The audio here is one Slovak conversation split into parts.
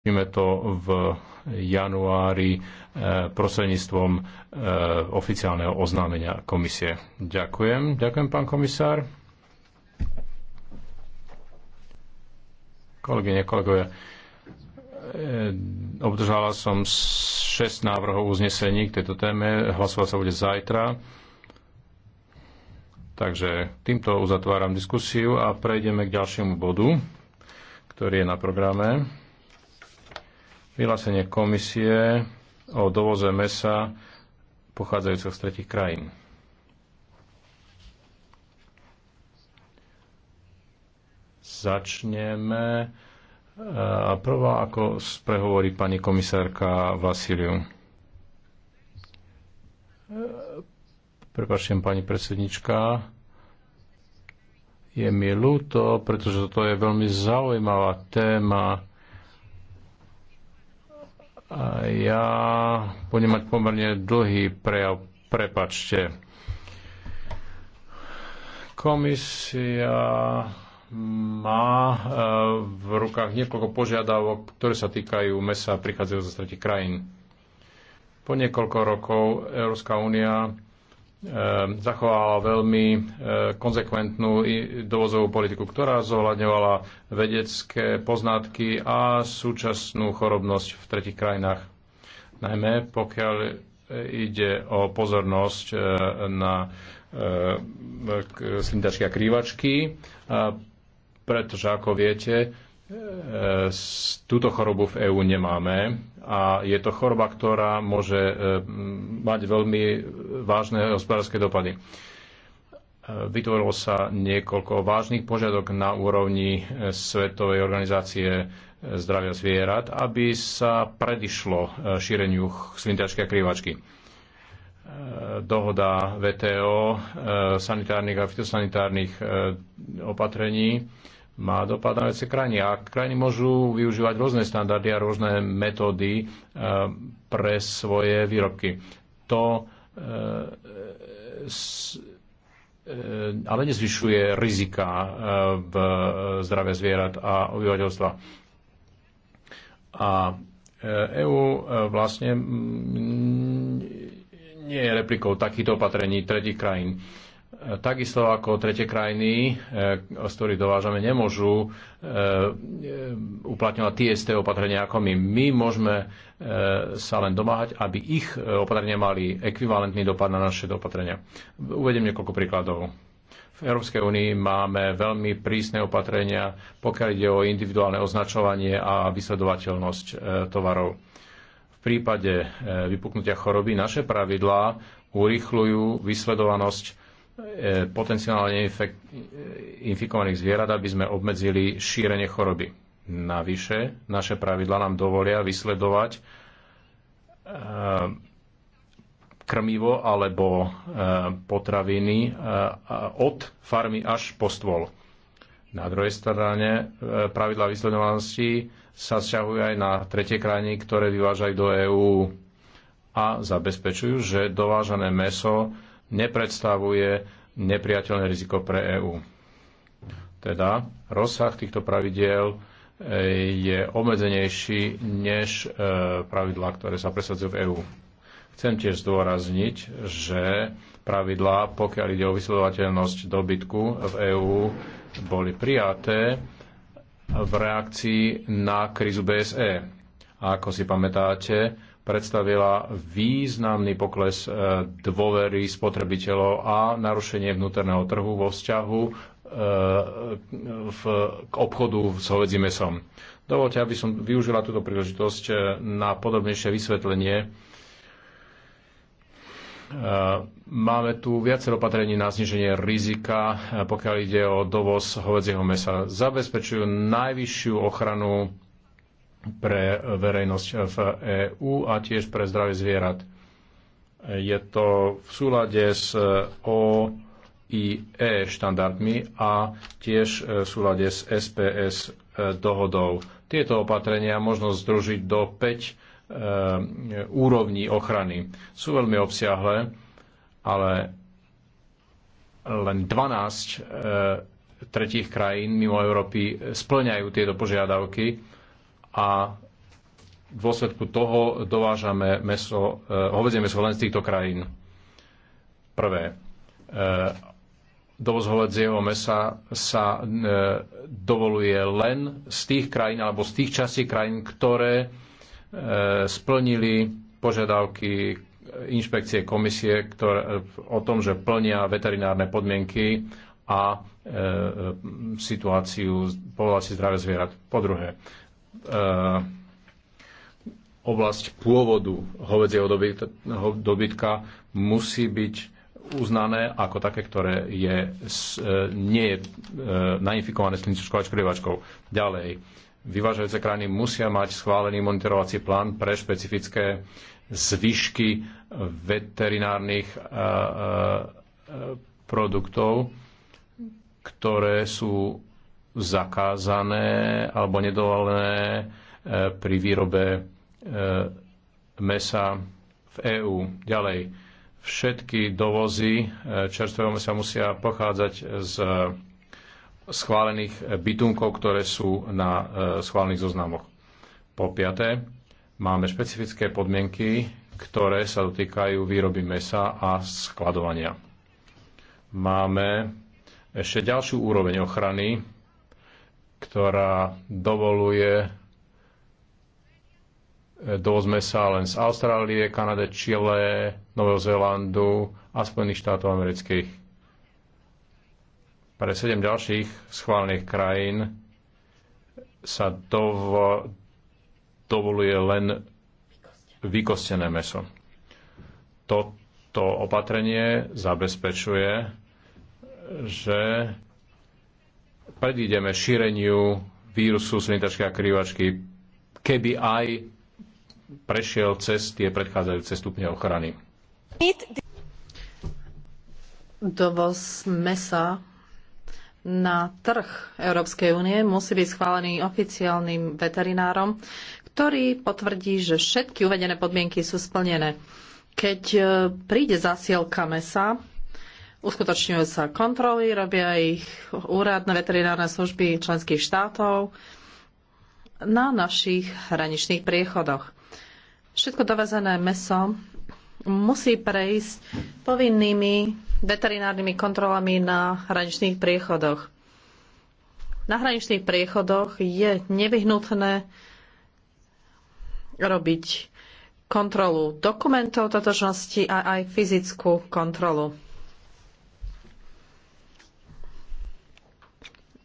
Robíme to v januári eh, prostredníctvom eh, oficiálneho oznámenia komisie. Ďakujem. Ďakujem, pán komisár. Kolegyne, kolegovia, eh, obdržala som 6 návrhov uznesení k tejto téme. Hlasovať sa bude zajtra. Takže týmto uzatváram diskusiu a prejdeme k ďalšiemu bodu, ktorý je na programe. Vyhlásenie komisie o dovoze mesa pochádzajúceho z tretich krajín. Začneme. A prvá, ako prehovorí pani komisárka Vasiliu. Prepačujem, pani predsednička. Je mi ľúto, pretože toto je veľmi zaujímavá téma ja budem mať pomerne dlhý prejav, prepačte. Komisia má e, v rukách niekoľko požiadavok, ktoré sa týkajú mesa prichádzajú zo tretich krajín. Po niekoľko rokov Európska únia Ehm, zachovala veľmi ehm, konzekventnú dovozovú politiku, ktorá zohľadňovala vedecké poznatky a súčasnú chorobnosť v tretich krajinách. Najmä pokiaľ e, ide o pozornosť e, na e, slindačky a krývačky, pretože ako viete, E, túto chorobu v EÚ nemáme a je to choroba, ktorá môže e, mať veľmi vážne hospodárske dopady. E, vytvorilo sa niekoľko vážnych požiadok na úrovni Svetovej organizácie zdravia zvierat, aby sa predišlo šíreniu svintačkej a krývačky. Dohoda VTO sanitárnych a fitosanitárnych opatrení má dopad na veci krajiny. A krajiny môžu využívať rôzne štandardy a rôzne metódy e, pre svoje výrobky. To e, e, ale nezvyšuje rizika v zdravia zvierat a obyvateľstva. A EÚ vlastne nie je replikou takýchto opatrení tretich krajín. Takisto ako tretie krajiny, e, z ktorých dovážame, nemôžu e, e, uplatňovať tie isté opatrenia ako my. My môžeme sa len domáhať, aby ich opatrenia mali ekvivalentný dopad na naše opatrenia. Uvediem niekoľko príkladov. V Európskej únii máme veľmi prísne opatrenia, pokiaľ ide o individuálne označovanie a vysledovateľnosť tovarov. V prípade vypuknutia choroby naše pravidlá urýchľujú vysledovanosť E, potenciálne infikovaných zvierat, aby sme obmedzili šírenie choroby. Navyše, naše pravidla nám dovolia vysledovať e, krmivo alebo e, potraviny od farmy až po stôl. Na druhej strane pravidla vysledovanosti sa vzťahujú aj na tretie krajiny, ktoré vyvážajú do EÚ a zabezpečujú, že dovážané meso nepredstavuje nepriateľné riziko pre EÚ. Teda rozsah týchto pravidiel eh, je obmedzenejší než eh, pravidlá, ktoré sa presadzujú v EÚ. Chcem tiež zdôrazniť, že pravidlá, pokiaľ ide o vysledovateľnosť dobytku v EÚ, boli prijaté v reakcii na krízu BSE. A ako si pamätáte, predstavila významný pokles e, dôvery spotrebiteľov a narušenie vnútorného trhu vo vzťahu e, v, k obchodu s hovedzím mesom. Dovolte, aby som využila túto príležitosť e, na podrobnejšie vysvetlenie. Máme tu viacero opatrení na zniženie rizika, pokiaľ ide o dovoz hovedzieho mesa. Zabezpečujú najvyššiu ochranu pre verejnosť v EÚ a tiež pre zdravie zvierat. Je to v súlade s OIE štandardmi a tiež v súlade s SPS dohodou. Tieto opatrenia možno združiť do 5 e, úrovní ochrany. Sú veľmi obsiahle, ale len 12 e, tretích krajín mimo Európy splňajú tieto požiadavky a v dôsledku toho dovážame meso, eh, hovedzie meso len z týchto krajín. Prvé, eh, dovoz hovedzieho mesa sa eh, dovoluje len z tých krajín alebo z tých častí krajín, ktoré splnili požiadavky inšpekcie komisie ktoré, o tom, že plnia veterinárne podmienky a e, situáciu povolací zdravé zvierat. Po druhé, E, oblasť pôvodu hovedzieho dobytka musí byť uznané ako také, ktoré je, e, nie je e, nainfikované s klinickou škrivačkou. Ďalej, vyvážajúce krajiny musia mať schválený monitorovací plán pre špecifické zvyšky veterinárnych produktov, ktoré sú zakázané alebo nedovolené e, pri výrobe e, mesa v EÚ. Ďalej, všetky dovozy e, čerstvého mesa musia pochádzať z schválených bytunkov, ktoré sú na schválených zoznamoch. Po piaté, máme špecifické podmienky, ktoré sa dotýkajú výroby mesa a skladovania. Máme ešte ďalšiu úroveň ochrany, ktorá dovoluje e, dovoz mesa len z Austrálie, Kanade, Čile, Nového Zélandu a Spojených štátov amerických. Pre sedem ďalších schválnych krajín sa dovo- dovoluje len vykostené meso. Toto opatrenie zabezpečuje, že predídeme šíreniu vírusu sanitačkej a krývačky, keby aj prešiel cez tie predchádzajúce stupne ochrany. Dovoz mesa na trh Európskej únie musí byť schválený oficiálnym veterinárom, ktorý potvrdí, že všetky uvedené podmienky sú splnené. Keď e, príde zasielka mesa, uskutočňujú sa kontroly, robia ich úradné veterinárne služby členských štátov na našich hraničných priechodoch. Všetko dovezené meso musí prejsť povinnými veterinárnymi kontrolami na hraničných priechodoch. Na hraničných priechodoch je nevyhnutné robiť kontrolu dokumentov totožnosti a aj fyzickú kontrolu.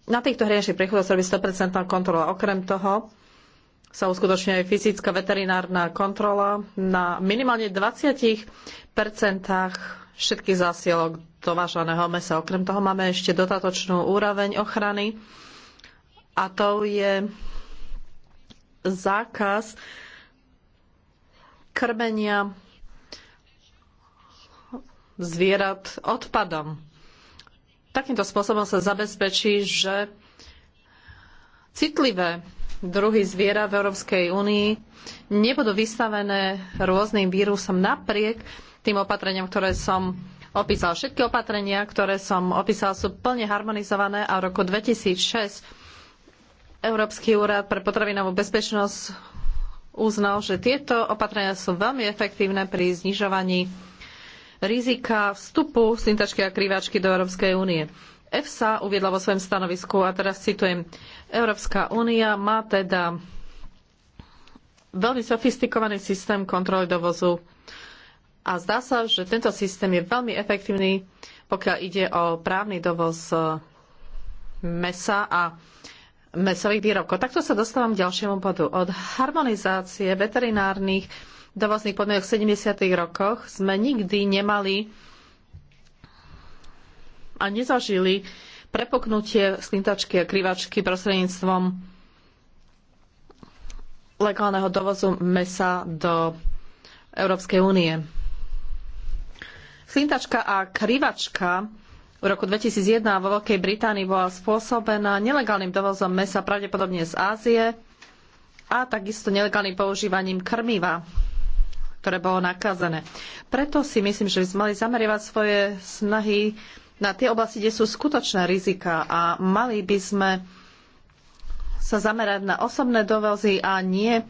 na týchto hraničných prechodoch sa robí 100% kontrola. Okrem toho sa uskutočňuje aj fyzická veterinárna kontrola na minimálne 20% všetkých zásielok dovážaného mesa. Okrem toho máme ešte dodatočnú úroveň ochrany a to je zákaz krmenia zvierat odpadom Takýmto spôsobom sa zabezpečí, že citlivé druhy zviera v Európskej únii nebudú vystavené rôznym vírusom napriek tým opatreniam, ktoré som opísal. Všetky opatrenia, ktoré som opísal, sú plne harmonizované a v roku 2006 Európsky úrad pre potravinovú bezpečnosť uznal, že tieto opatrenia sú veľmi efektívne pri znižovaní rizika vstupu slintačky a krývačky do Európskej únie. EFSA uviedla vo svojom stanovisku, a teraz citujem, Európska únia má teda veľmi sofistikovaný systém kontroly dovozu a zdá sa, že tento systém je veľmi efektívny, pokiaľ ide o právny dovoz e, mesa a mesových výrobkov. Takto sa dostávam k ďalšiemu bodu. Od harmonizácie veterinárnych dovozných podmienok v 70. rokoch sme nikdy nemali a nezažili prepoknutie slintačky a krivačky prostredníctvom legálneho dovozu mesa do Európskej únie. Slintačka a krivačka v roku 2001 vo Veľkej Británii bola spôsobená nelegálnym dovozom mesa pravdepodobne z Ázie a takisto nelegálnym používaním krmiva ktoré bolo nakazené. Preto si myslím, že by sme mali zameriavať svoje snahy na tie oblasti, kde sú skutočné rizika a mali by sme sa zamerať na osobné dovozy a nie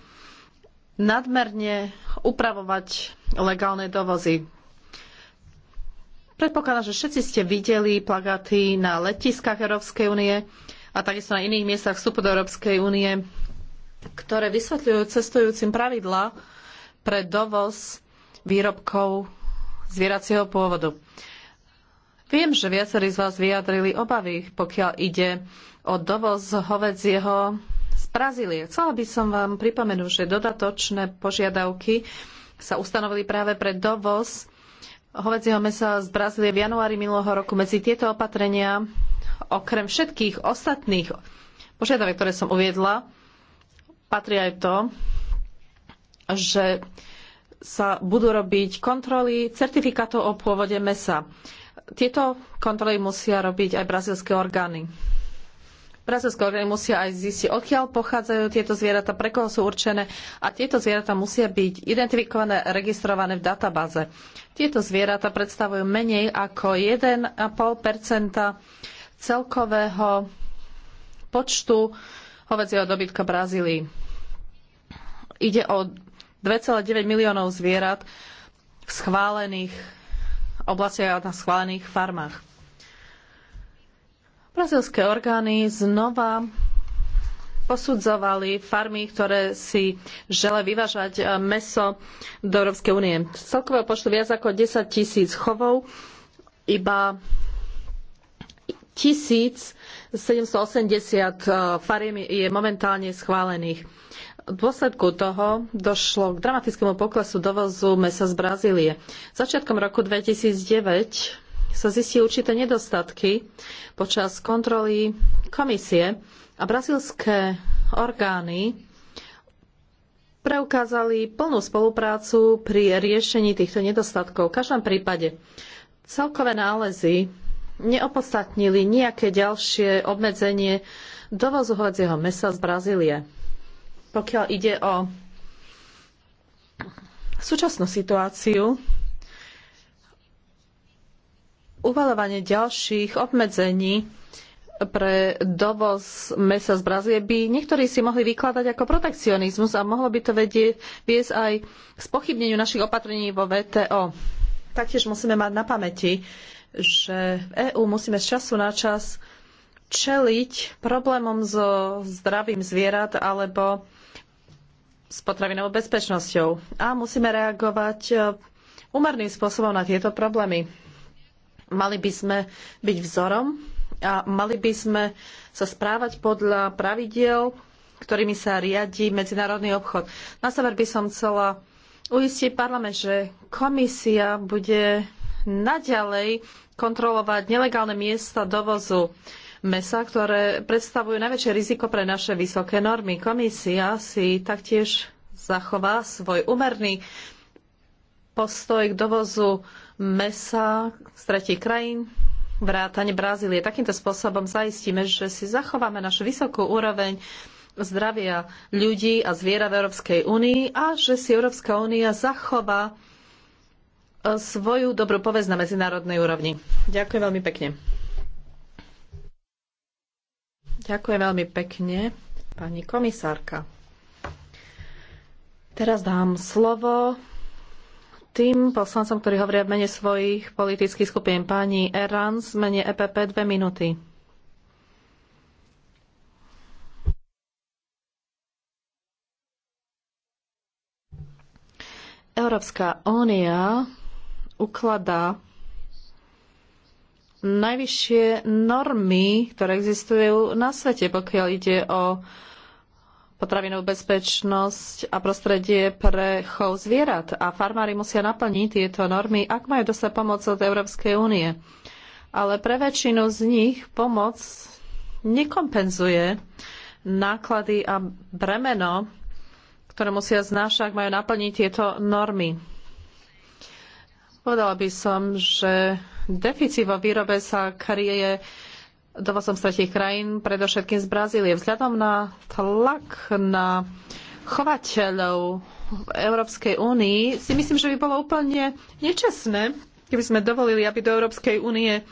nadmerne upravovať legálne dovozy. Predpokladám, že všetci ste videli plagaty na letiskách Európskej únie a takisto na iných miestach vstupu do Európskej únie, ktoré vysvetľujú cestujúcim pravidlá, pre dovoz výrobkov zvieracieho pôvodu. Viem, že viacerí z vás vyjadrili obavy, pokiaľ ide o dovoz hovedzieho z Brazílie. Chcela by som vám pripomenúť, že dodatočné požiadavky sa ustanovili práve pre dovoz hovedzieho mesa z Brazílie v januári minulého roku. Medzi tieto opatrenia, okrem všetkých ostatných požiadavek, ktoré som uviedla, patrí aj to, že sa budú robiť kontroly certifikátov o pôvode mesa. Tieto kontroly musia robiť aj brazilské orgány. Brazilské orgány musia aj zistiť, odkiaľ pochádzajú tieto zvieratá, pre koho sú určené a tieto zvieratá musia byť identifikované, registrované v databáze. Tieto zvieratá predstavujú menej ako 1,5 celkového počtu hovedzieho dobytka Brazílii. Ide o 2,9 miliónov zvierat v schválených oblastiach a na schválených farmách. Brazílske orgány znova posudzovali farmy, ktoré si žele vyvážať eh, mäso do Európskej únie. Z celkového počtu viac ako 10 tisíc chovov, iba 1780 eh, fariem je momentálne schválených. V dôsledku toho došlo k dramatickému poklesu dovozu mesa z Brazílie. Začiatkom roku 2009 sa zistili určité nedostatky počas kontroly komisie a brazílske orgány preukázali plnú spoluprácu pri riešení týchto nedostatkov. V každom prípade celkové nálezy neopodstatnili nejaké ďalšie obmedzenie dovozu hovedzieho mesa z Brazílie. Pokiaľ ide o súčasnú situáciu, uvalovanie ďalších obmedzení pre dovoz mesa z Brazílie by niektorí si mohli vykladať ako protekcionizmus a mohlo by to vedieť, viesť aj k spochybneniu našich opatrení vo VTO. Taktiež musíme mať na pamäti, že v EÚ musíme z času na čas čeliť problémom so zdravím zvierat alebo s potravinovou bezpečnosťou a musíme reagovať e, umerným spôsobom na tieto problémy. Mali by sme byť vzorom a mali by sme sa správať podľa pravidiel, ktorými sa riadi medzinárodný obchod. Na sever by som chcela uistiť parlament, že komisia bude naďalej kontrolovať nelegálne miesta dovozu mesa, ktoré predstavujú najväčšie riziko pre naše vysoké normy. Komisia si taktiež zachová svoj úmerný postoj k dovozu mesa z tretich krajín, vrátane Brazílie. Takýmto spôsobom zaistíme, že si zachováme našu vysokú úroveň zdravia ľudí a zviera v Európskej únii a že si Európska únia zachová e, svoju dobrú povesť na medzinárodnej úrovni. Ďakujem veľmi pekne. Ďakujem veľmi pekne, pani komisárka. Teraz dám slovo tým poslancom, ktorí hovoria v mene svojich politických skupín. Pani Erans, mene EPP, dve minúty. Európska únia ukladá najvyššie normy, ktoré existujú na svete, pokiaľ ide o potravinovú bezpečnosť a prostredie pre chov zvierat. A farmári musia naplniť tieto normy, ak majú dostať pomoc od Európskej únie. Ale pre väčšinu z nich pomoc nekompenzuje náklady a bremeno, ktoré musia znášať, ak majú naplniť tieto normy. Povedala by som, že deficit vo výrobe sa kryje dovozom z tretich krajín, predovšetkým z Brazílie. Vzhľadom na tlak na chovateľov v Európskej únii si myslím, že by bolo úplne nečestné, keby sme dovolili, aby do Európskej únie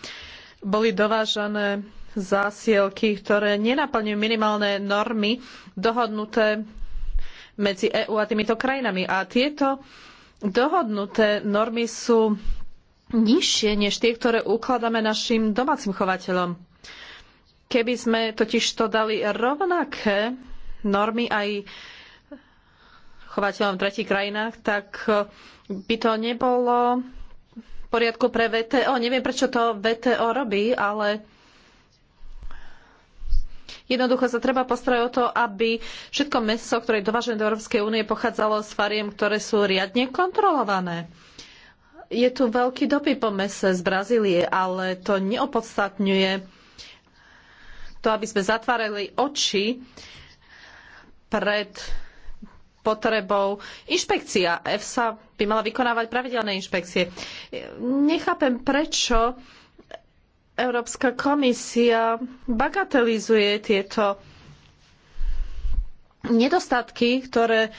boli dovážané zásielky, ktoré nenaplňujú minimálne normy dohodnuté medzi EÚ a týmito krajinami. A tieto dohodnuté normy sú nižšie než tie, ktoré ukladáme našim domácim chovateľom. Keby sme totiž to dali rovnaké normy aj chovateľom v tretich krajinách, tak eh, by to nebolo v poriadku pre VTO. Neviem, prečo to VTO robí, ale jednoducho sa treba postarať o to, aby všetko meso, ktoré je dovážené do Európskej únie, pochádzalo z fariem, ktoré sú riadne kontrolované je tu veľký dopyt po mese z Brazílie, ale to neopodstatňuje to, aby sme zatvárali oči pred potrebou inšpekcia. EFSA by mala vykonávať pravidelné inšpekcie. Nechápem, prečo Európska komisia bagatelizuje tieto nedostatky, ktoré e,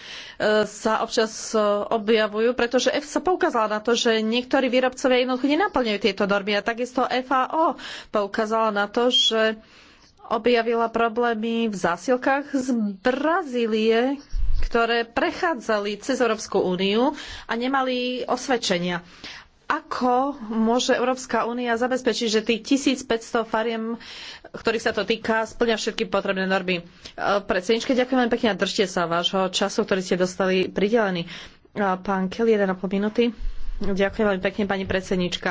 sa občas e, objavujú, pretože EFSA poukázala na to, že niektorí výrobcovia jednoducho nenaplňujú tieto normy a takisto FAO poukázala na to, že objavila problémy v zásilkách z Brazílie, ktoré prechádzali cez Európsku úniu a nemali osvedčenia. Ako môže Európska únia zabezpečiť, že tých 1500 fariem, ktorých sa to týka, splňa všetky potrebné normy? E, predsedničke, ďakujem veľmi pekne a držte sa vášho času, ktorý ste dostali pridelený. E, pán Kelly, 1,5 minúty. Ďakujem veľmi pekne, pani predsednička.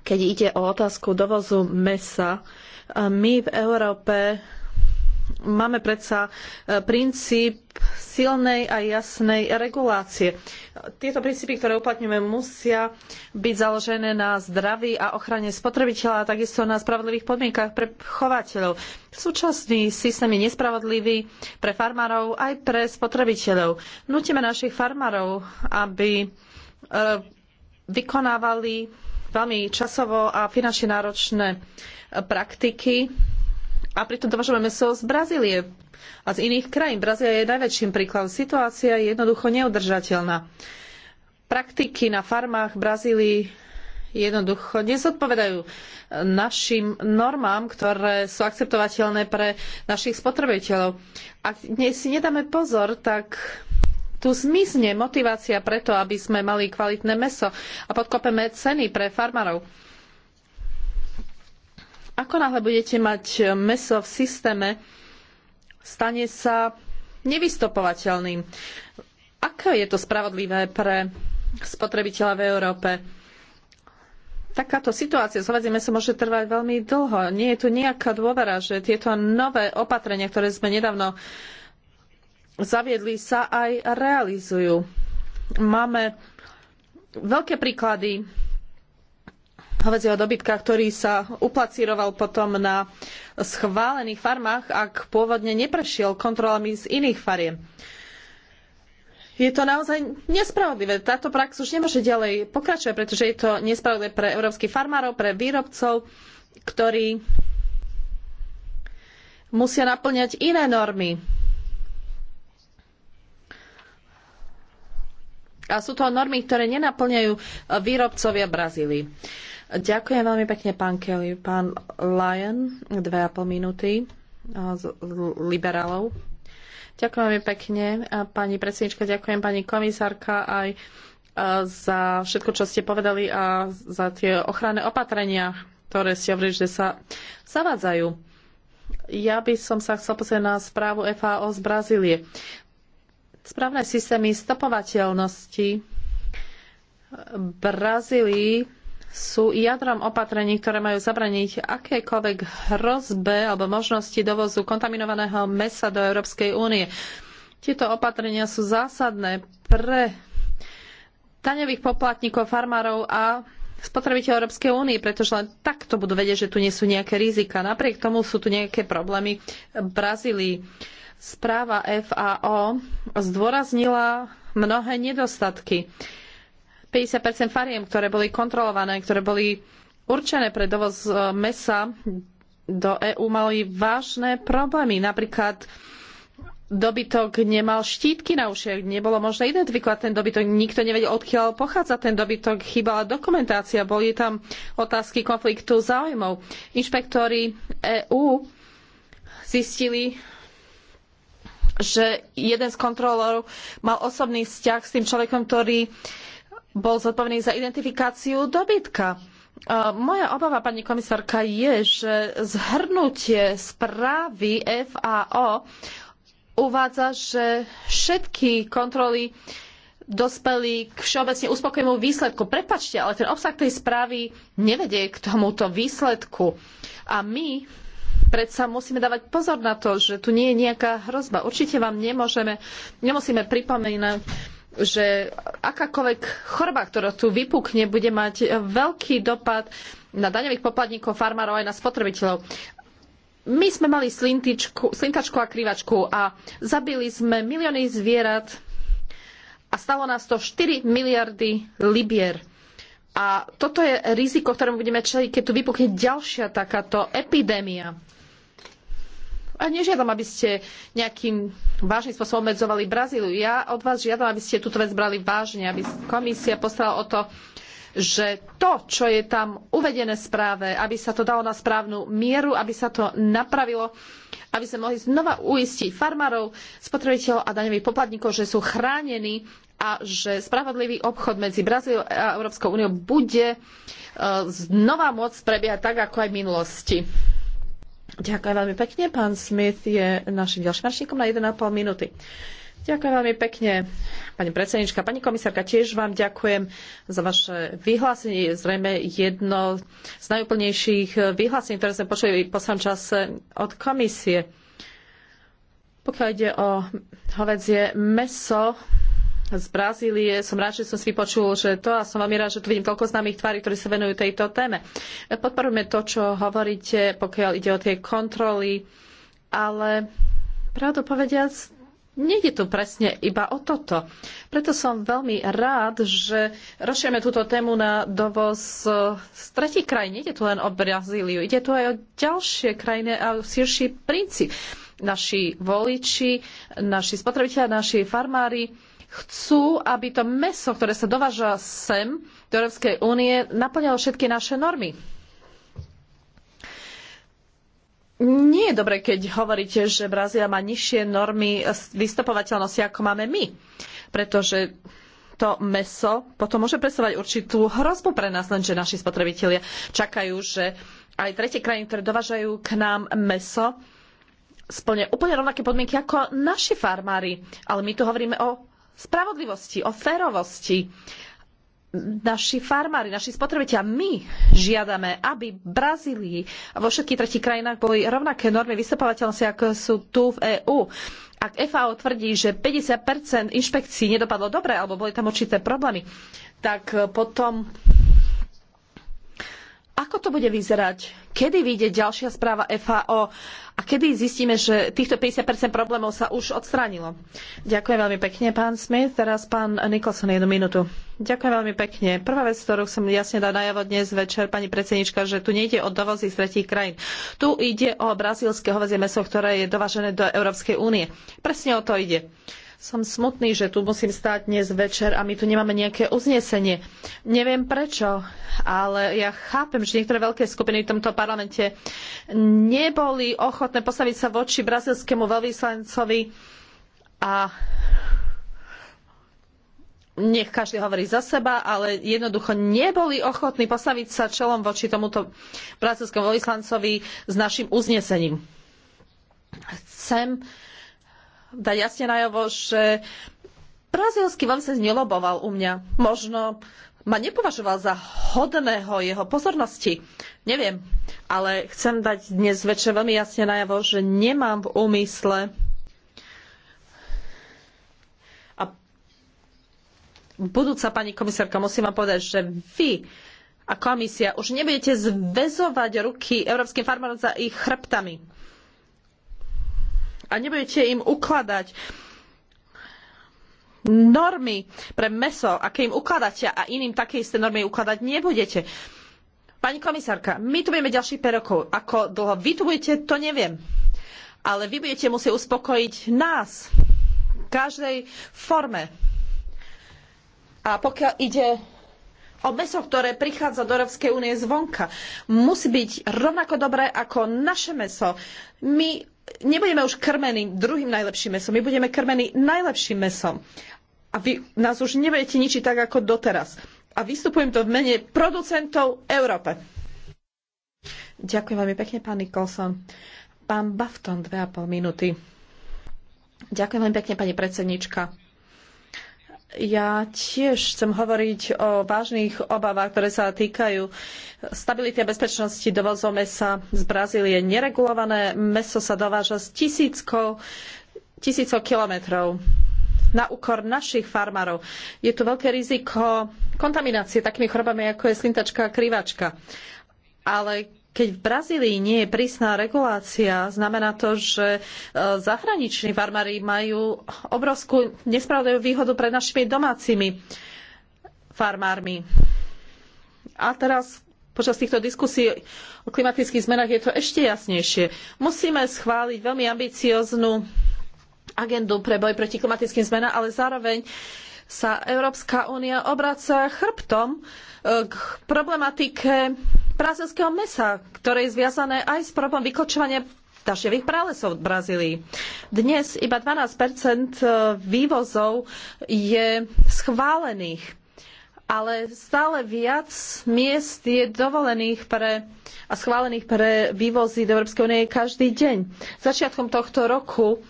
Keď ide o otázku dovozu mesa, e, my v Európe máme predsa e, princíp silnej a jasnej regulácie. Tieto princípy, ktoré uplatňujeme, musia byť založené na zdraví a ochrane spotrebiteľa a takisto na spravodlivých podmienkach pre chovateľov. Súčasný systém je nespravodlivý pre farmárov aj pre spotrebiteľov. Nutíme našich farmárov, aby e, vykonávali veľmi časovo a finančne náročné e, praktiky a pritom dovážame meso z Brazílie a z iných krajín. Brazília je najväčším príkladom. Situácia je jednoducho neudržateľná. Praktiky na farmách v Brazílii jednoducho nezodpovedajú našim normám, ktoré sú akceptovateľné pre našich spotrebiteľov. Ak dnes si nedáme pozor, tak tu zmizne motivácia preto, aby sme mali kvalitné mäso a podkopeme ceny pre farmárov. Ako náhle budete mať e, meso v systéme, stane sa nevystopovateľným. Ako je to spravodlivé pre spotrebiteľa v Európe? Takáto situácia s hovedzím sa môže trvať veľmi dlho. Nie je tu nejaká dôvera, že tieto nové opatrenia, ktoré sme nedávno zaviedli, sa aj realizujú. Máme veľké príklady hovedzieho dobytka, ktorý sa uplacíroval potom na schválených farmách, ak pôvodne neprešiel kontrolami z iných fariem. Je to naozaj nespravodlivé. Táto prax už nemôže ďalej pokračovať, pretože je to nespravodlivé pre európskych farmárov, pre výrobcov, ktorí musia naplňať iné normy. A sú to normy, ktoré nenaplňajú výrobcovia Brazílii. Ďakujem veľmi pekne, pán Kelly. Pán Lyon, dve a pol minúty z liberálov. Ďakujem veľmi pekne, pani predsednička, ďakujem pani komisárka aj za všetko, čo ste povedali a za tie ochranné opatrenia, ktoré ste hovorili, že sa zavádzajú. Ja by som sa chcel pozrieť na správu FAO z Brazílie. Správne systémy stopovateľnosti v Brazílii sú jadrom opatrení, ktoré majú zabraniť akékoľvek hrozbe alebo možnosti dovozu kontaminovaného mesa do Európskej únie. Tieto opatrenia sú zásadné pre daňových poplatníkov, farmárov a spotrebiteľ Európskej únie, pretože len takto budú vedieť, že tu nie sú nejaké rizika. Napriek tomu sú tu nejaké problémy v Brazílii. Správa FAO zdôraznila mnohé nedostatky. 50 fariem, ktoré boli kontrolované, ktoré boli určené pre dovoz e, mesa do EÚ, mali vážne problémy. Napríklad dobytok nemal štítky na ušiach, nebolo možné identifikovať ten dobytok, nikto nevedel, odkiaľ pochádza ten dobytok, chýbala dokumentácia, boli tam otázky konfliktu záujmov. Inšpektori EÚ zistili, že jeden z kontrolorov mal osobný vzťah s tým človekom, ktorý bol zodpovedný za identifikáciu dobytka. E, moja obava, pani komisárka, je, že zhrnutie správy FAO uvádza, že všetky kontroly dospeli k všeobecne uspokojivému výsledku. Prepačte, ale ten obsah tej správy nevedie k tomuto výsledku. A my predsa musíme dávať pozor na to, že tu nie je nejaká hrozba. Určite vám nemôžeme, nemusíme pripomínať že akákoľvek chorba, ktorá tu vypukne, bude mať veľký dopad na daňových poplatníkov, farmárov aj na spotrebiteľov. My sme mali slintičku, slintačku a krivačku a zabili sme milióny zvierat a stalo nás to 4 miliardy libier. A toto je riziko, ktorému budeme čeliť, keď tu vypukne ďalšia takáto epidémia a nežiadam, aby ste nejakým vážnym spôsobom obmedzovali Brazíliu. Ja od vás žiadam, aby ste túto vec brali vážne, aby komisia postarala o to, že to, čo je tam uvedené v správe, aby sa to dalo na správnu mieru, aby sa to napravilo, aby sme mohli znova uistiť farmárov, spotrebiteľov a daňových poplatníkov, že sú chránení a že spravodlivý obchod medzi Brazíliou a Európskou úniou bude e, znova môcť prebiehať tak, ako aj v minulosti. Ďakujem veľmi pekne. Pán Smith je našim ďalším ročníkom na 1,5 minúty. Ďakujem veľmi pekne, pani predsednička. Pani komisárka, tiež vám ďakujem za vaše vyhlásenie. Zrejme jedno z najúplnejších vyhlásení, ktoré sme počuli v poslednom čase od komisie. Pokiaľ ide o hovedzie meso, z Brazílie. Som rád, že som si vypočul, že to a som veľmi rád, že tu vidím toľko známych tvári, ktorí sa venujú tejto téme. Podporujeme to, čo hovoríte, pokiaľ ide o tie kontroly, ale pravdu povediac, nejde tu presne iba o toto. Preto som veľmi rád, že rozšírime túto tému na dovoz z tretich krajín. Nejde tu len o Brazíliu, ide tu aj o ďalšie krajiny a širší princíp. Naši voliči, naši spotrebitelia, naši farmári, Chcú, aby to meso, ktoré sa dováža sem do Európskej únie, naplňalo všetky naše normy. Nie je dobre, keď hovoríte, že Brazília má nižšie normy vystopovateľnosti, ako máme my. Pretože to meso potom môže predstavovať určitú hrozbu pre nás, lenže naši spotrebitelia čakajú, že aj tretie krajiny, ktoré dovážajú k nám meso, splnia úplne rovnaké podmienky ako naši farmári. Ale my tu hovoríme o spravodlivosti, o férovosti. Naši farmári, naši spotrebitelia, my žiadame, aby v Brazílii a vo všetkých tretich krajinách boli rovnaké normy vystupovateľnosti, ako sú tu v EÚ. Ak FAO tvrdí, že 50 inšpekcií nedopadlo dobre, alebo boli tam určité problémy, tak potom ako to bude vyzerať? Kedy vyjde ďalšia správa FAO a kedy zistíme, že týchto 50% problémov sa už odstránilo? Ďakujem veľmi pekne, pán Smith. Teraz pán Nicholson, jednu minútu. Ďakujem veľmi pekne. Prvá vec, ktorú som jasne dala najavo dnes večer, pani predsednička, že tu nejde o dovozy z tretích krajín. Tu ide o brazílske hovedzie meso, ktoré je dovažené do Európskej únie. Presne o to ide. Som smutný, že tu musím stáť dnes večer a my tu nemáme nejaké uznesenie. Neviem prečo, ale ja chápem, že niektoré veľké skupiny v tomto parlamente neboli ochotné postaviť sa voči brazilskému veľvyslancovi a nech každý hovorí za seba, ale jednoducho neboli ochotní postaviť sa čelom voči tomuto brazilskému veľvyslancovi s našim uznesením. Chcem dať jasne najavo, že brazílsky veľvyslanec neloboval u mňa. Možno ma nepovažoval za hodného jeho pozornosti. Neviem, ale chcem dať dnes večer veľmi jasne najavo, že nemám v úmysle a budúca pani komisárka, musím vám povedať, že vy a komisia už nebudete zväzovať ruky európskym farmárom za ich chrbtami a nebudete im ukladať normy pre mäso, aké im ukladáte a iným také isté normy ukladať nebudete. Pani komisárka, my tu budeme ďalších 5 rokov. Ako dlho vy tu budete, to neviem. Ale vy budete musieť uspokojiť nás v každej forme. A pokiaľ ide o meso, ktoré prichádza do Európskej únie zvonka. Musí byť rovnako dobré ako naše meso. My nebudeme už krmení druhým najlepším mesom, my budeme krmení najlepším mesom. A vy nás už nebudete ničiť tak ako doteraz. A vystupujem to v mene producentov Európe. Ďakujem veľmi pekne, pán Nikolson. Pán Bafton, dve a pol minúty. Ďakujem veľmi pekne, pani predsednička. Ja tiež chcem hovoriť o vážnych obavách, ktoré sa týkajú stability a bezpečnosti dovozov mesa z Brazílie. Neregulované meso sa dováža z tisícov kilometrov na úkor našich farmárov. Je tu veľké riziko kontaminácie takými chorobami, ako je slintačka a krivačka. Ale keď v Brazílii nie je prísna regulácia, znamená to, že e, zahraniční farmári majú obrovskú nespravodlivú výhodu pred našimi domácimi farmármi. A teraz počas týchto diskusí o klimatických zmenách je to ešte jasnejšie. Musíme schváliť veľmi ambicióznu agendu pre boj proti klimatickým zmenám, ale zároveň sa Európska únia obracia chrbtom uh, k problematike brazilského mesa, ktoré je zviazané aj s problémom vykočovania dažďových pralesov v Brazílii. Dnes iba 12 e, vývozov je schválených, ale stále viac miest je dovolených pre, a schválených pre vývozy do Európskej únie každý deň. Začiatkom tohto roku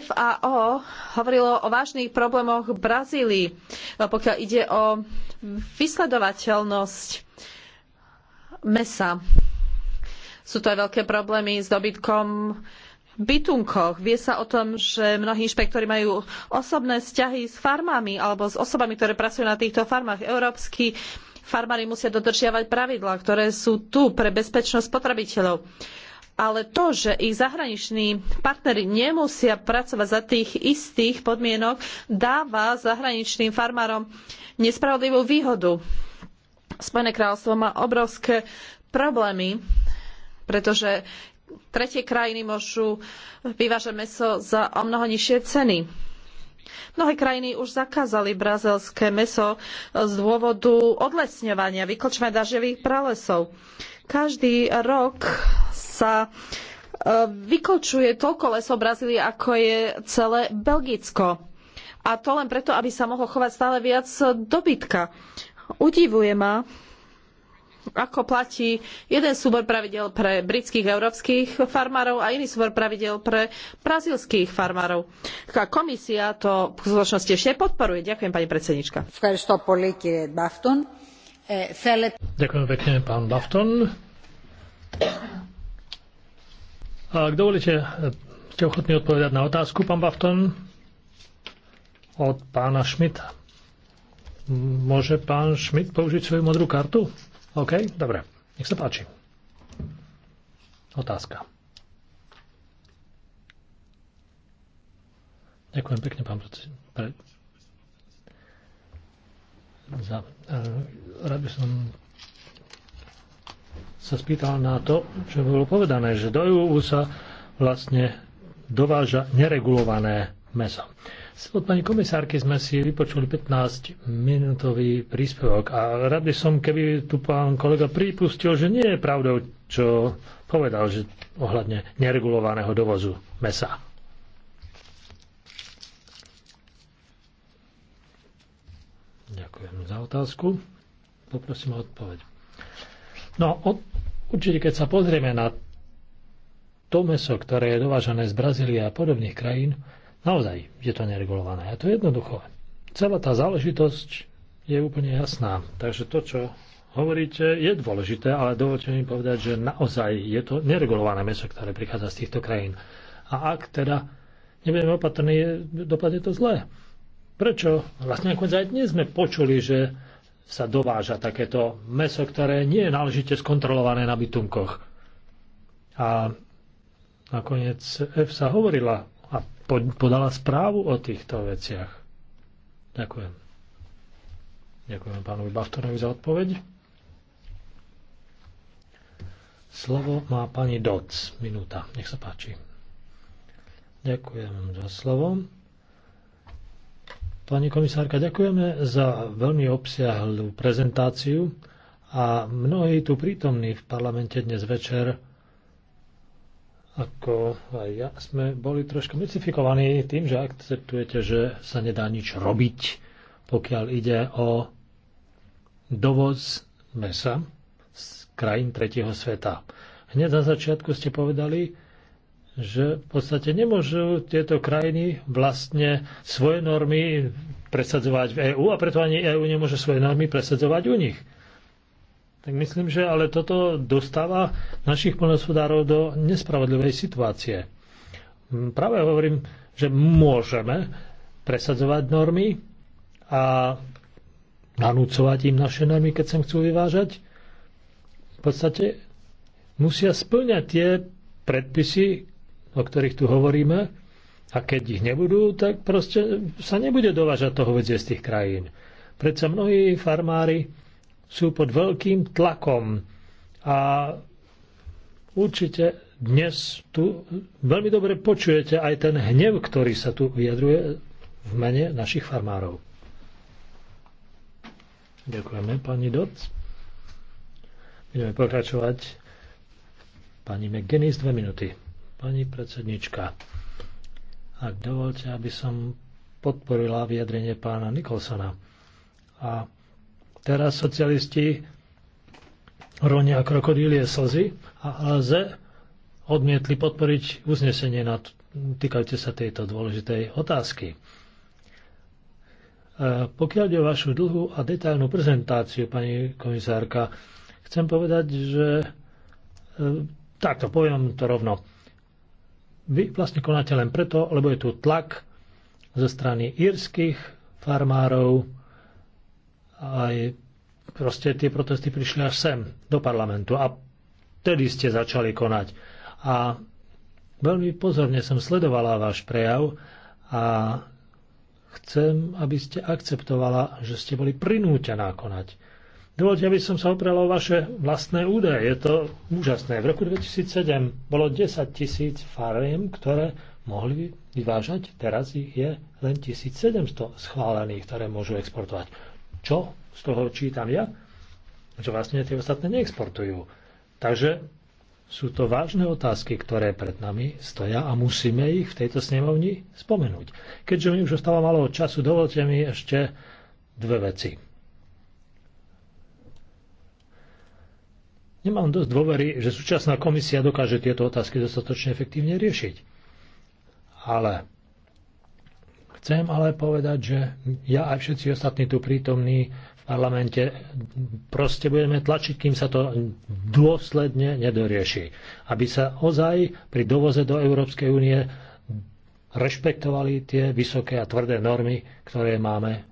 FAO hovorilo o vážnych problémoch v Brazílii, pokiaľ ide o vysledovateľnosť mesa. Sú to aj veľké problémy s dobytkom v bytunkoch. Vie sa o tom, že mnohí inšpektori majú osobné vzťahy s farmami alebo s osobami, ktoré pracujú na týchto farmách. Európsky farmári musia dodržiavať pravidlá, ktoré sú tu pre bezpečnosť spotrebiteľov ale to, že ich zahraniční partnery nemusia pracovať za tých istých podmienok, dáva zahraničným farmárom nespravodlivú výhodu. Spojené kráľovstvo má obrovské problémy, pretože tretie krajiny môžu vyvážať mäso za o mnoho nižšie ceny. Mnohé krajiny už zakázali brazilské mäso z dôvodu odlesňovania, vykočme dažďových pralesov. Každý rok sa e, vykočuje toľko lesov Brazílie, ako je celé Belgicko. A to len preto, aby sa mohlo chovať stále viac dobytka. Udivuje ma, ako platí jeden súbor pravidel pre britských európskych farmárov a iný súbor pravidel pre brazílskych farmárov. Taká komisia to v skutočnosti ešte podporuje. Ďakujem, pani predsednička. Ďakujem pekne, pán Bafton. Ak dovolíte, ste ochotní odpovedať na otázku, pán Bafton? Od pána Šmita. Môže pán Šmit použiť svoju modrú kartu? OK, dobre. Nech sa páči. Otázka. Ďakujem pekne, pán predseda. Pre... Za... E, rád by som sa spýtal na to, čo bolo povedané, že do EU sa vlastne dováža neregulované meso. Od pani komisárky sme si vypočuli 15-minútový príspevok a rád by som, keby tu pán kolega pripustil, že nie je pravdou, čo povedal, že ohľadne neregulovaného dovozu mesa. Ďakujem za otázku. Poprosím o odpoveď. No, od, Určite, keď sa pozrieme na to meso, ktoré je dovážané z Brazílie a podobných krajín, naozaj je to neregulované. A to je jednoducho. Celá tá záležitosť je úplne jasná. Takže to, čo hovoríte, je dôležité, ale dovolte mi povedať, že naozaj je to neregulované meso, ktoré prichádza z týchto krajín. A ak teda nebudeme opatrní, dopadne to zlé. Prečo? Vlastne nakoniec aj dnes sme počuli, že sa dováža takéto meso, ktoré nie je náležite skontrolované na bytunkoch. A nakoniec F sa hovorila a podala správu o týchto veciach. Ďakujem. Ďakujem pánovi Bachtorovi za odpoveď. Slovo má pani Doc. Minúta. Nech sa páči. Ďakujem za slovo. Pani komisárka, ďakujeme za veľmi obsiahlu prezentáciu a mnohí tu prítomní v parlamente dnes večer ako aj ja, sme boli trošku mystifikovaní tým, že akceptujete, že sa nedá nič robiť, pokiaľ ide o dovoz mesa z krajín tretieho sveta. Hneď na začiatku ste povedali, že v podstate nemôžu tieto krajiny vlastne svoje normy presadzovať v EÚ a preto ani EÚ nemôže svoje normy presadzovať u nich. Tak myslím, že ale toto dostáva našich plnospodárov do nespravodlivej situácie. Mm, práve hovorím, že môžeme presadzovať normy a nanúcovať im naše normy, keď sa chcú vyvážať. V podstate musia splňať tie predpisy, o ktorých tu hovoríme. A keď ich nebudú, tak proste sa nebude dovážať toho vedzie z tých krajín. Predsa mnohí farmári sú pod veľkým tlakom a určite dnes tu veľmi dobre počujete aj ten hnev, ktorý sa tu vyjadruje v mene našich farmárov. Ďakujeme, pani Doc. Budeme pokračovať. Pani McGinnis, dve minuty. Pani predsednička, ak dovolte, aby som podporila vyjadrenie pána Nikolsona. A teraz socialisti ronia krokodílie slzy a LZ odmietli podporiť uznesenie na týkajúce sa tejto dôležitej otázky. E, pokiaľ ide o vašu dlhú a detailnú prezentáciu, pani komisárka, chcem povedať, že e, takto poviem to rovno. Vy vlastne konáte len preto, lebo je tu tlak zo strany írskych farmárov. Aj proste tie protesty prišli až sem, do parlamentu. A vtedy ste začali konať. A veľmi pozorne som sledovala váš prejav a chcem, aby ste akceptovala, že ste boli prinútená konať. Dovolte, aby som sa opral o vaše vlastné údaje. Je to úžasné. V roku 2007 bolo 10 tisíc fariem, ktoré mohli vyvážať. Teraz ich je len 1700 schválených, ktoré môžu exportovať. Čo z toho čítam ja? Že vlastne tie ostatné neexportujú. Takže sú to vážne otázky, ktoré pred nami stoja a musíme ich v tejto snemovni spomenúť. Keďže mi už ostáva malo času, dovolte mi ešte dve veci. Nemám dosť dôvery, že súčasná komisia dokáže tieto otázky dostatočne efektívne riešiť. Ale chcem ale povedať, že ja aj všetci ostatní tu prítomní v parlamente proste budeme tlačiť, kým sa to dôsledne nedorieši. Aby sa ozaj pri dovoze do Európskej únie rešpektovali tie vysoké a tvrdé normy, ktoré máme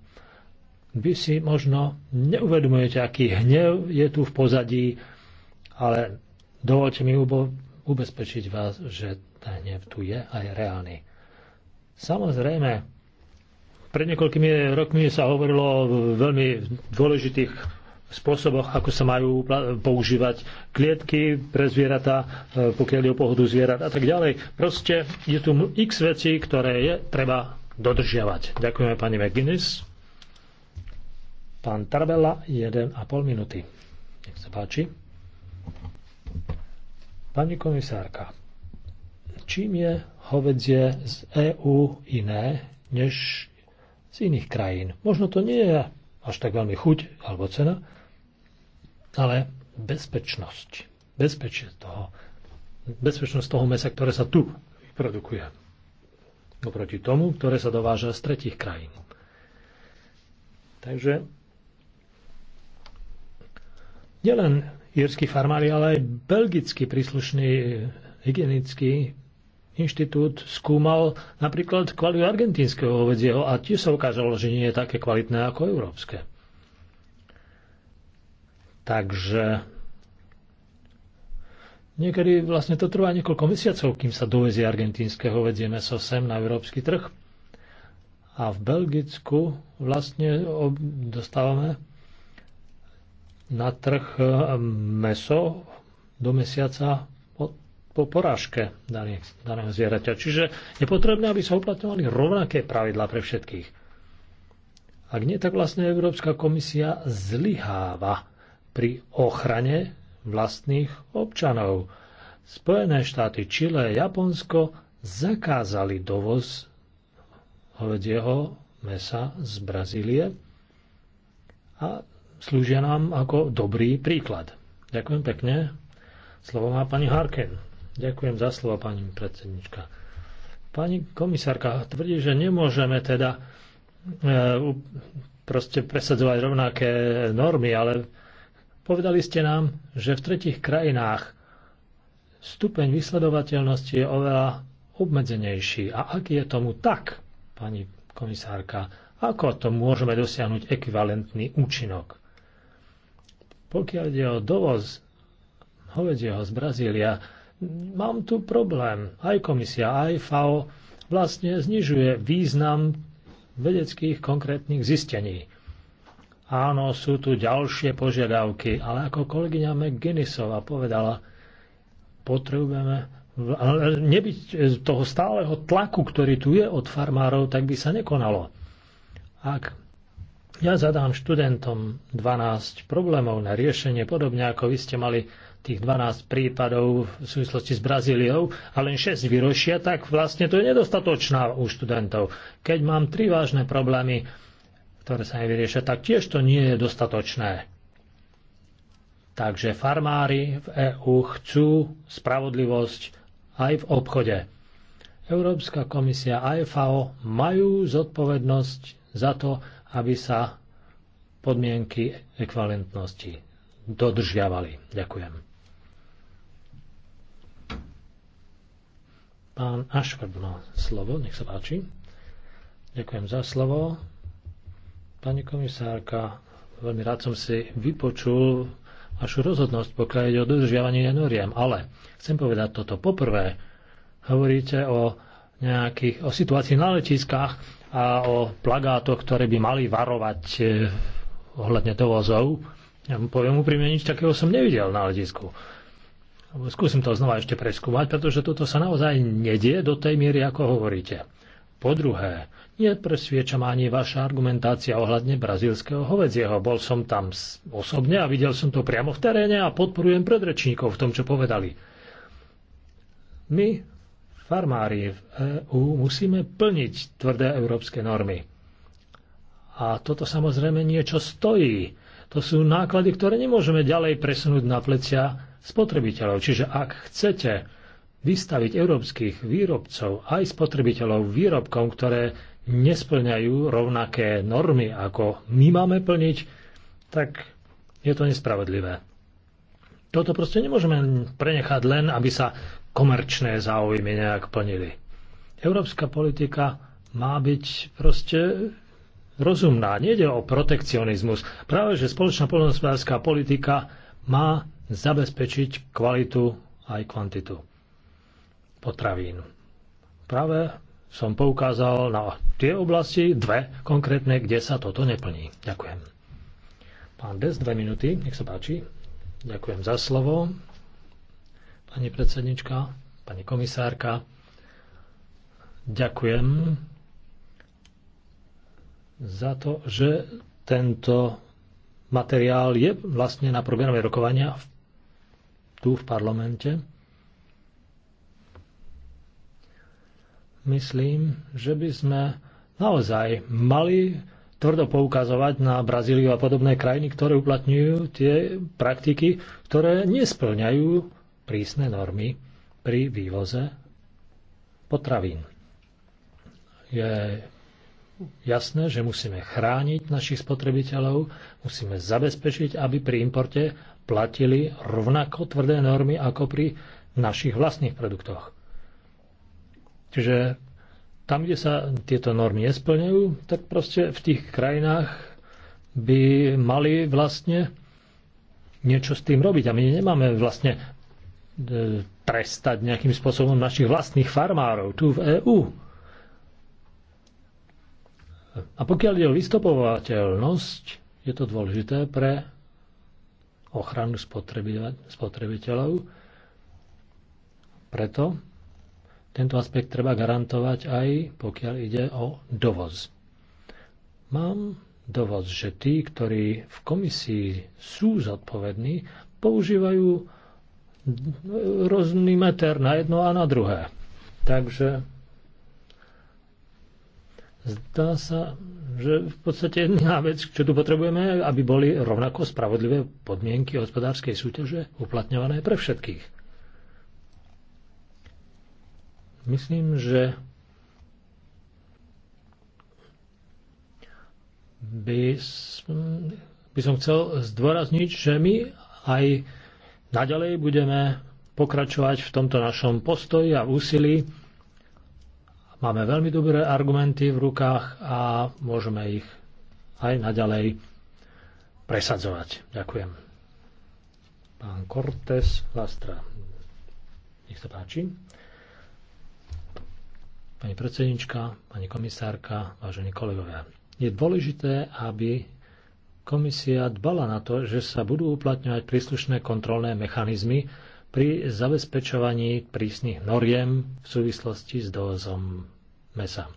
vy si možno neuvedomujete, aký hnev je tu v pozadí, ale dovolte mi ubezpečiť vás, že ten hnev tu je a je reálny. Samozrejme, pred niekoľkými rokmi sa hovorilo o veľmi dôležitých spôsoboch, ako sa majú používať klietky pre zvieratá, e, pokiaľ je o pohodu zvierat a tak ďalej. Proste je tu x vecí, ktoré je treba dodržiavať. Ďakujeme pani McGuinness. Pán Tarbella, 1,5 minúty. Nech sa páči. Pani komisárka, čím je hovedzie z EÚ iné než z iných krajín? Možno to nie je až tak veľmi chuť alebo cena, ale bezpečnosť. Bezpečie toho, bezpečnosť toho mesa, ktoré sa tu produkuje. Oproti tomu, ktoré sa dováža z tretich krajín. Takže nielen írsky farmári, ale aj belgický príslušný e, hygienický inštitút skúmal napríklad kvalitu argentínskeho ovedzieho a tiež sa ukázalo, že nie je také kvalitné ako európske. Takže niekedy vlastne to trvá niekoľko mesiacov, kým sa dovezie argentínskeho ovedzie meso sem na európsky trh. A v Belgicku vlastne dostávame na trh e, meso do mesiaca po, porážke daného zvieraťa. Čiže je potrebné, aby sa uplatňovali rovnaké pravidlá pre všetkých. Ak nie, tak vlastne Európska komisia zlyháva pri ochrane vlastných občanov. Spojené štáty Čile a Japonsko zakázali dovoz hovedieho mesa z Brazílie a slúžia nám ako dobrý príklad. Ďakujem pekne. Slovo má pani Harken. Ďakujem za slovo, pani predsednička. Pani komisárka tvrdí, že nemôžeme teda e, proste presadzovať rovnaké normy, ale povedali ste nám, že v tretich krajinách stupeň vysledovateľnosti je oveľa obmedzenejší. A ak je tomu tak, pani komisárka, ako to môžeme dosiahnuť ekvivalentný účinok? Pokiaľ ide o dovoz hovedzieho z Brazília, mám tu problém. Aj komisia, aj FAO vlastne znižuje význam vedeckých konkrétnych zistení. Áno, sú tu ďalšie požiadavky, ale ako kolegyňa McGinnisová povedala, potrebujeme nebyť toho stáleho tlaku, ktorý tu je od farmárov, tak by sa nekonalo. Ak ja zadám študentom 12 problémov na riešenie, podobne ako vy ste mali tých 12 prípadov v súvislosti s Brazíliou a len 6 vyrošia, tak vlastne to je nedostatočná u študentov. Keď mám tri vážne problémy, ktoré sa nevyriešia, tak tiež to nie je dostatočné. Takže farmári v EÚ chcú spravodlivosť aj v obchode. Európska komisia a FAO majú zodpovednosť za to, aby sa podmienky ekvalentnosti dodržiavali. Ďakujem. Pán Ašvard má slovo, nech sa páči. Ďakujem za slovo. Pani komisárka, veľmi rád som si vypočul vašu rozhodnosť, pokiaľ ide o dodržiavanie noriem, ale chcem povedať toto. Poprvé, hovoríte o nejakých, o situácii na letiskách, a o plagátoch, ktoré by mali varovať e, ohľadne dovozov. Ja mu poviem úprimne, nič takého som nevidel na letisku. Skúsim to znova ešte preskúmať, pretože toto sa naozaj nedie do tej miery, ako hovoríte. Po druhé, nepresvieča ma ani vaša argumentácia ohľadne brazílskeho hovedzieho. Bol som tam osobne a videl som to priamo v teréne a podporujem predrečníkov v tom, čo povedali. My farmári v EÚ musíme plniť tvrdé európske normy. A toto samozrejme niečo stojí. To sú náklady, ktoré nemôžeme ďalej presunúť na plecia spotrebiteľov. Čiže ak chcete vystaviť európskych výrobcov aj spotrebiteľov výrobkom, ktoré nesplňajú rovnaké normy, ako my máme plniť, tak je to nespravodlivé. Toto proste nemôžeme prenechať len, aby sa komerčné záujmy nejak plnili. Európska politika má byť proste rozumná. Nejde o protekcionizmus. Práve, že spoločná poľnohospodárska politika má zabezpečiť kvalitu aj kvantitu potravín. Práve som poukázal na tie oblasti, dve konkrétne, kde sa toto neplní. Ďakujem. Pán Des, dve minúty, nech sa páči. Ďakujem za slovo. Pani predsednička, pani komisárka, ďakujem za to, že tento materiál je vlastne na programe rokovania tu v parlamente. Myslím, že by sme naozaj mali tvrdo poukazovať na Brazíliu a podobné krajiny, ktoré uplatňujú tie praktiky, ktoré nesplňajú prísne normy pri vývoze potravín. Je jasné, že musíme chrániť našich spotrebiteľov, musíme zabezpečiť, aby pri importe platili rovnako tvrdé normy ako pri našich vlastných produktoch. Čiže tam, kde sa tieto normy nesplňujú, tak proste v tých krajinách by mali vlastne niečo s tým robiť. A my nemáme vlastne e, trestať nejakým spôsobom našich vlastných farmárov tu v EÚ. A pokiaľ je o vystopovateľnosť, je to dôležité pre ochranu spotrebiteľov. Preto tento aspekt treba garantovať aj pokiaľ ide o dovoz. Mám dovoz, že tí, ktorí v komisii sú zodpovední, používajú rôzny meter na jedno a na druhé. Takže zdá sa, že v podstate jedna vec, čo tu potrebujeme, aby boli rovnako spravodlivé podmienky hospodárskej súťaže uplatňované pre všetkých. Myslím, že by, by som chcel zdôrazniť, že my aj naďalej budeme pokračovať v tomto našom postoji a úsilí. Máme veľmi dobré argumenty v rukách a môžeme ich aj naďalej presadzovať. Ďakujem. Pán Cortés Lastra. Nech sa páči pani predsednička, pani komisárka, vážení kolegovia. Je dôležité, aby komisia dbala na to, že sa budú uplatňovať príslušné kontrolné mechanizmy pri zabezpečovaní prísnych noriem v súvislosti s dozom mesa.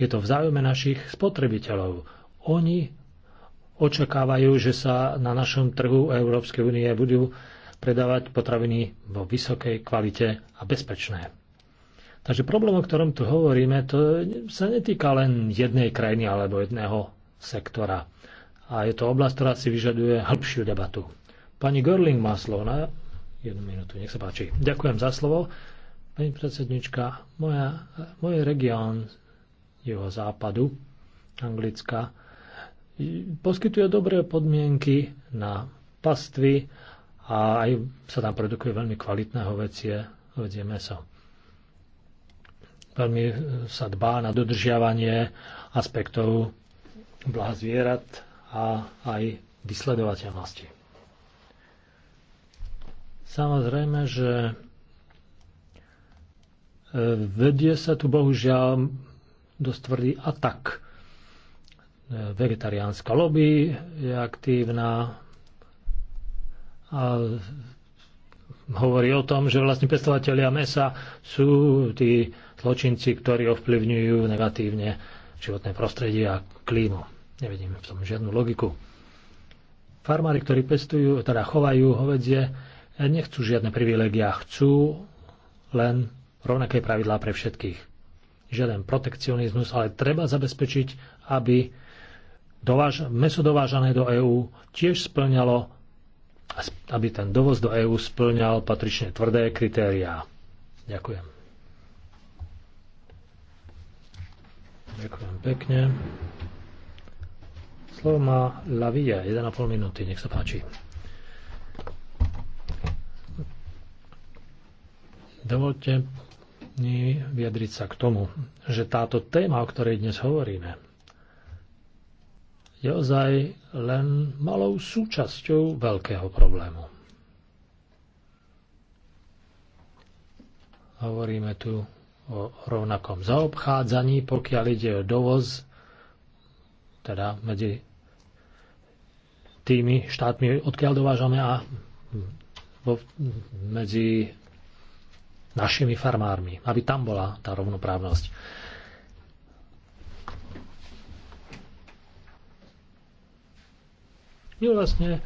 Je to v záujme našich spotrebiteľov. Oni očakávajú, že sa na našom trhu Európskej únie budú predávať potraviny vo vysokej kvalite a bezpečné. Takže problém, o ktorom tu hovoríme, to sa netýka len jednej krajiny alebo jedného sektora. A je to oblasť, ktorá si vyžaduje hĺbšiu debatu. Pani Görling má slovo na jednu minútu. Nech sa páči. Ďakujem za slovo. Pani predsednička, moja, môj región jeho západu, Anglicka, poskytuje dobré podmienky na pastvy a aj sa tam produkuje veľmi kvalitné hovecie, hovedzie meso veľmi e, sa dbá na dodržiavanie aspektov blaha zvierat a aj vysledovateľnosti. Samozrejme, že e, vedie sa tu bohužiaľ dosť tvrdý atak. E, vegetariánska lobby je aktívna a hovorí o tom, že vlastne pestovateľia mesa sú tí zločinci, ktorí ovplyvňujú negatívne životné prostredie a klímu. Nevidím v tom žiadnu logiku. Farmári, ktorí pestujú, teda chovajú hovedzie, nechcú žiadne privilegia, chcú len rovnaké pravidlá pre všetkých. Žiaden protekcionizmus, ale treba zabezpečiť, aby dováž- meso dovážané do EÚ tiež splňalo aby ten dovoz do EÚ splňal patrične tvrdé kritériá. Ďakujem. Ďakujem pekne. Slovo má Lavia, 1,5 minúty, nech sa páči. Dovolte mi vyjadriť sa k tomu, že táto téma, o ktorej dnes hovoríme, je ozaj len malou súčasťou veľkého problému. Hovoríme tu o rovnakom zaobchádzaní, pokiaľ ide o dovoz, teda medzi tými štátmi, odkiaľ dovážame a medzi našimi farmármi, aby tam bola tá rovnoprávnosť. My vlastne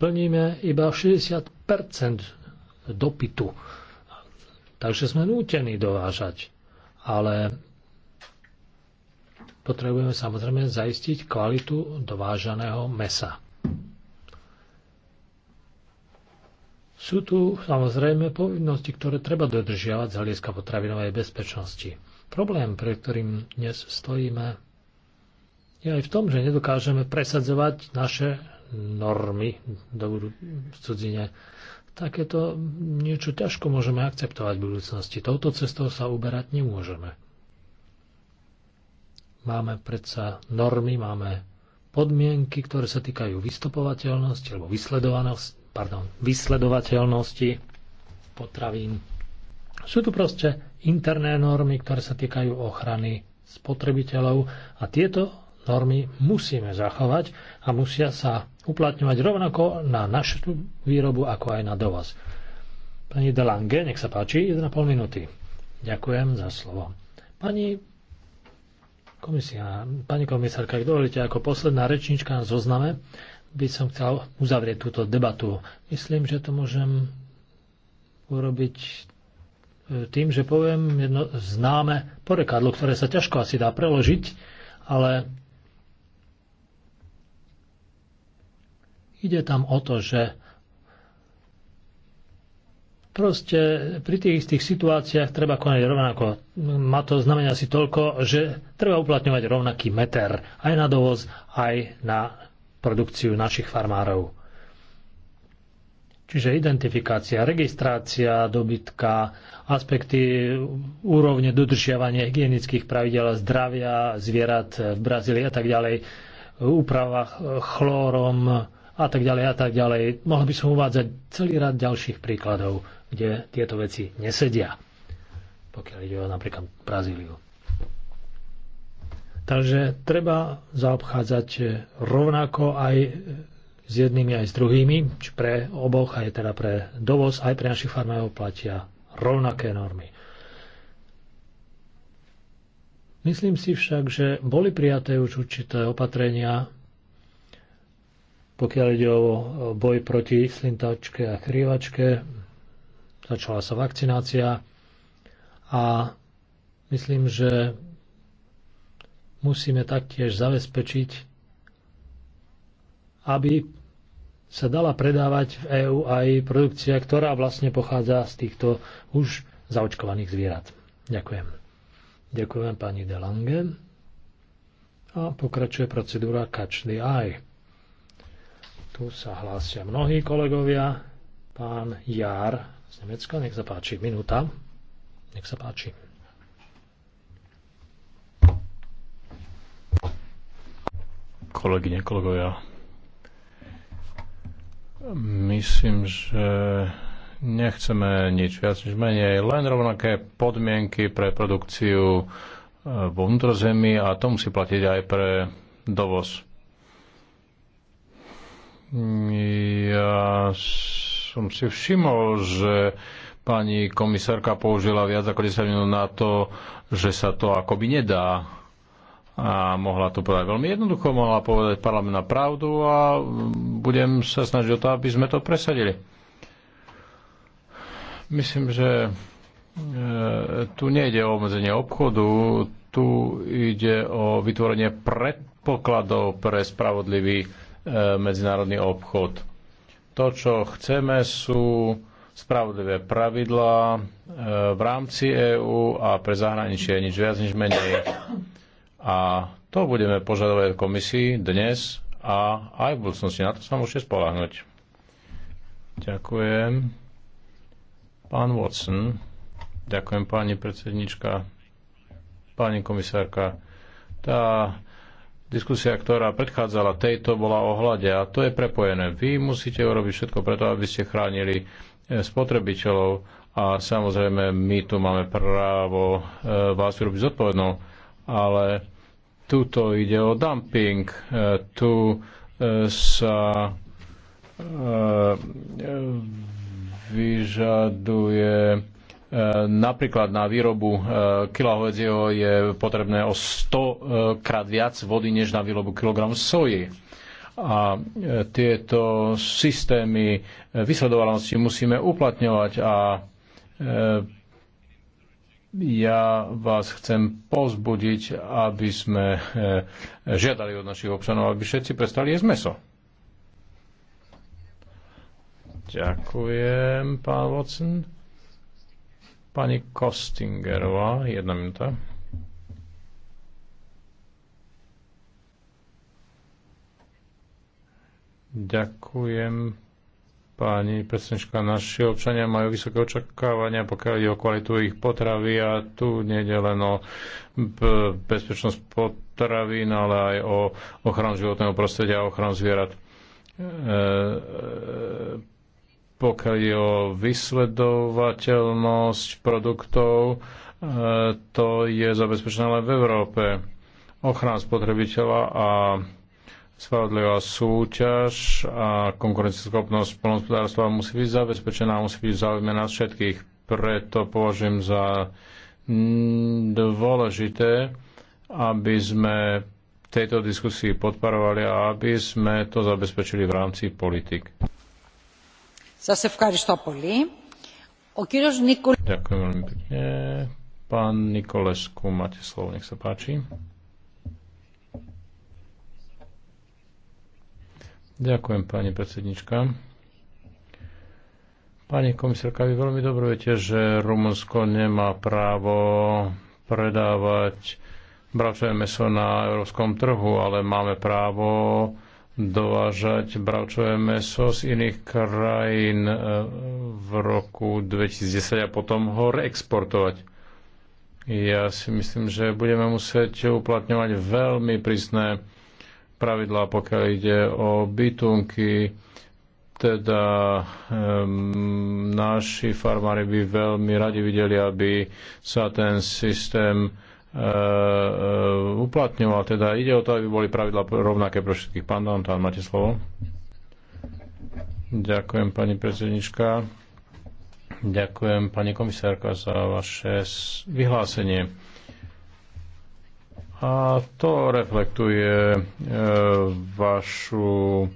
plníme iba 60 dopytu. Takže sme nútení dovážať. Ale potrebujeme samozrejme zaistiť kvalitu dovážaného mesa. Sú tu samozrejme povinnosti, ktoré treba dodržiavať z hľadiska potravinovej bezpečnosti. Problém, pre ktorým dnes stojíme, je aj v tom, že nedokážeme presadzovať naše normy do cudzine. Takéto niečo ťažko môžeme akceptovať v budúcnosti. Touto cestou sa uberať nemôžeme. Máme predsa normy, máme podmienky, ktoré sa týkajú vystupovateľnosti alebo pardon, vysledovateľnosti potravín. Sú tu proste interné normy, ktoré sa týkajú ochrany spotrebiteľov a tieto normy musíme zachovať a musia sa uplatňovať rovnako na našu výrobu, ako aj na dovoz. Pani Delange, nech sa páči, 1,5 minúty. Ďakujem za slovo. Pani komisia, pani komisárka, ak dovolíte, ako posledná rečnička na zozname, by som chcel uzavrieť túto debatu. Myslím, že to môžem urobiť e, tým, že poviem jedno známe porekadlo, ktoré sa ťažko asi dá preložiť, ale Ide tam o to, že proste pri tých istých situáciách treba konať rovnako. Má to znamenia si toľko, že treba uplatňovať rovnaký meter aj na dovoz, aj na produkciu našich farmárov. Čiže identifikácia, registrácia dobytka, aspekty úrovne dodržiavania hygienických pravidel zdravia zvierat v Brazílii a tak ďalej, úprava chlórom, a tak ďalej a tak ďalej. Mohol by som uvádzať celý rad ďalších príkladov, kde tieto veci nesedia, pokiaľ ide o napríklad Brazíliu. Takže treba zaobchádzať rovnako aj s jednými aj s druhými, či pre oboch, aj teda pre dovoz, aj pre našich farmárov platia rovnaké normy. Myslím si však, že boli prijaté už určité opatrenia pokiaľ ide o boj proti slintačke a krývačke, začala sa vakcinácia a myslím, že musíme taktiež zabezpečiť, aby sa dala predávať v EÚ aj produkcia, ktorá vlastne pochádza z týchto už zaočkovaných zvierat. Ďakujem. Ďakujem pani Delange. A pokračuje procedúra Catch the Eye. Tu sa hlásia mnohí kolegovia. Pán Jar z Nemecka, nech sa páči, minúta. Nech sa páči. Kolegyne, kolegovia, myslím, že nechceme nič viac než menej, len rovnaké podmienky pre produkciu vo vnútrozemí a to musí platiť aj pre dovoz. Ja som si všimol, že pani komisárka použila viac ako 10 minút na to, že sa to akoby nedá. A mohla to povedať veľmi jednoducho, mohla povedať parlament na pravdu a budem sa snažiť o to, aby sme to presadili. Myslím, že e, tu nejde o obmedzenie obchodu, tu ide o vytvorenie predpokladov pre spravodlivý E, medzinárodný obchod. To, čo chceme, sú spravodlivé pravidlá e, v rámci EÚ a pre zahraničie nič viac, nič menej. A to budeme požadovať komisii dnes a aj v budúcnosti. Na to sa môžete spolahnuť. Ďakujem. Pán Watson. Ďakujem pani predsednička, pani komisárka. Tá Diskusia, ktorá predchádzala tejto, bola o a to je prepojené. Vy musíte urobiť všetko preto, aby ste chránili e, spotrebiteľov a samozrejme my tu máme právo e, vás urobiť zodpovednou, ale tuto ide o dumping, e, tu sa vyžaduje E, napríklad na výrobu e, kila hovedzieho je potrebné o 100 krát viac vody, než na výrobu kilogramu soji. A e, tieto systémy vysledovanosti musíme uplatňovať a ja vás chcem pozbudiť, aby sme žiadali od našich občanov, aby všetci prestali jesť meso. Ďakujem, pán Watson. Pani Kostingerová, jedna minúta. Ďakujem, pani predsednička. Naši občania majú vysoké očakávania, pokiaľ ide o kvalitu ich potravy a tu nie len o bezpečnosť potravín, ale aj o ochranu životného prostredia a ochranu zvierat. E, e, pokiaľ je o vysledovateľnosť produktov, e, to je zabezpečené len v Európe. Ochrana spotrebiteľa a spravodlivá súťaž a konkurencieschopnosť polnospodárstva musí byť zabezpečená, musí byť zaujímavé na nás všetkých. Preto považujem za dôležité, aby sme tejto diskusii podporovali a aby sme to zabezpečili v rámci politik. Ďakujem veľmi pekne. Pán Nikolesku, máte slovo, nech sa páči. Ďakujem, pani predsednička. Pani komisárka, vy veľmi dobre viete, že Rumunsko nemá právo predávať bravčové meso na európskom trhu, ale máme právo dovážať bravčové meso z iných krajín e, v roku 2010 a potom ho reexportovať. Ja si myslím, že budeme musieť uplatňovať veľmi prísne pravidlá, pokiaľ ide o bytunky. Teda um, naši farmári by veľmi radi videli, aby sa ten systém E, e, uplatňoval. Teda ide o to, aby boli pravidla rovnaké pre všetkých. Pán Dantán, máte slovo. Ďakujem, pani predsednička. Ďakujem, pani komisárka, za vaše vyhlásenie. A to reflektuje e, vašu e,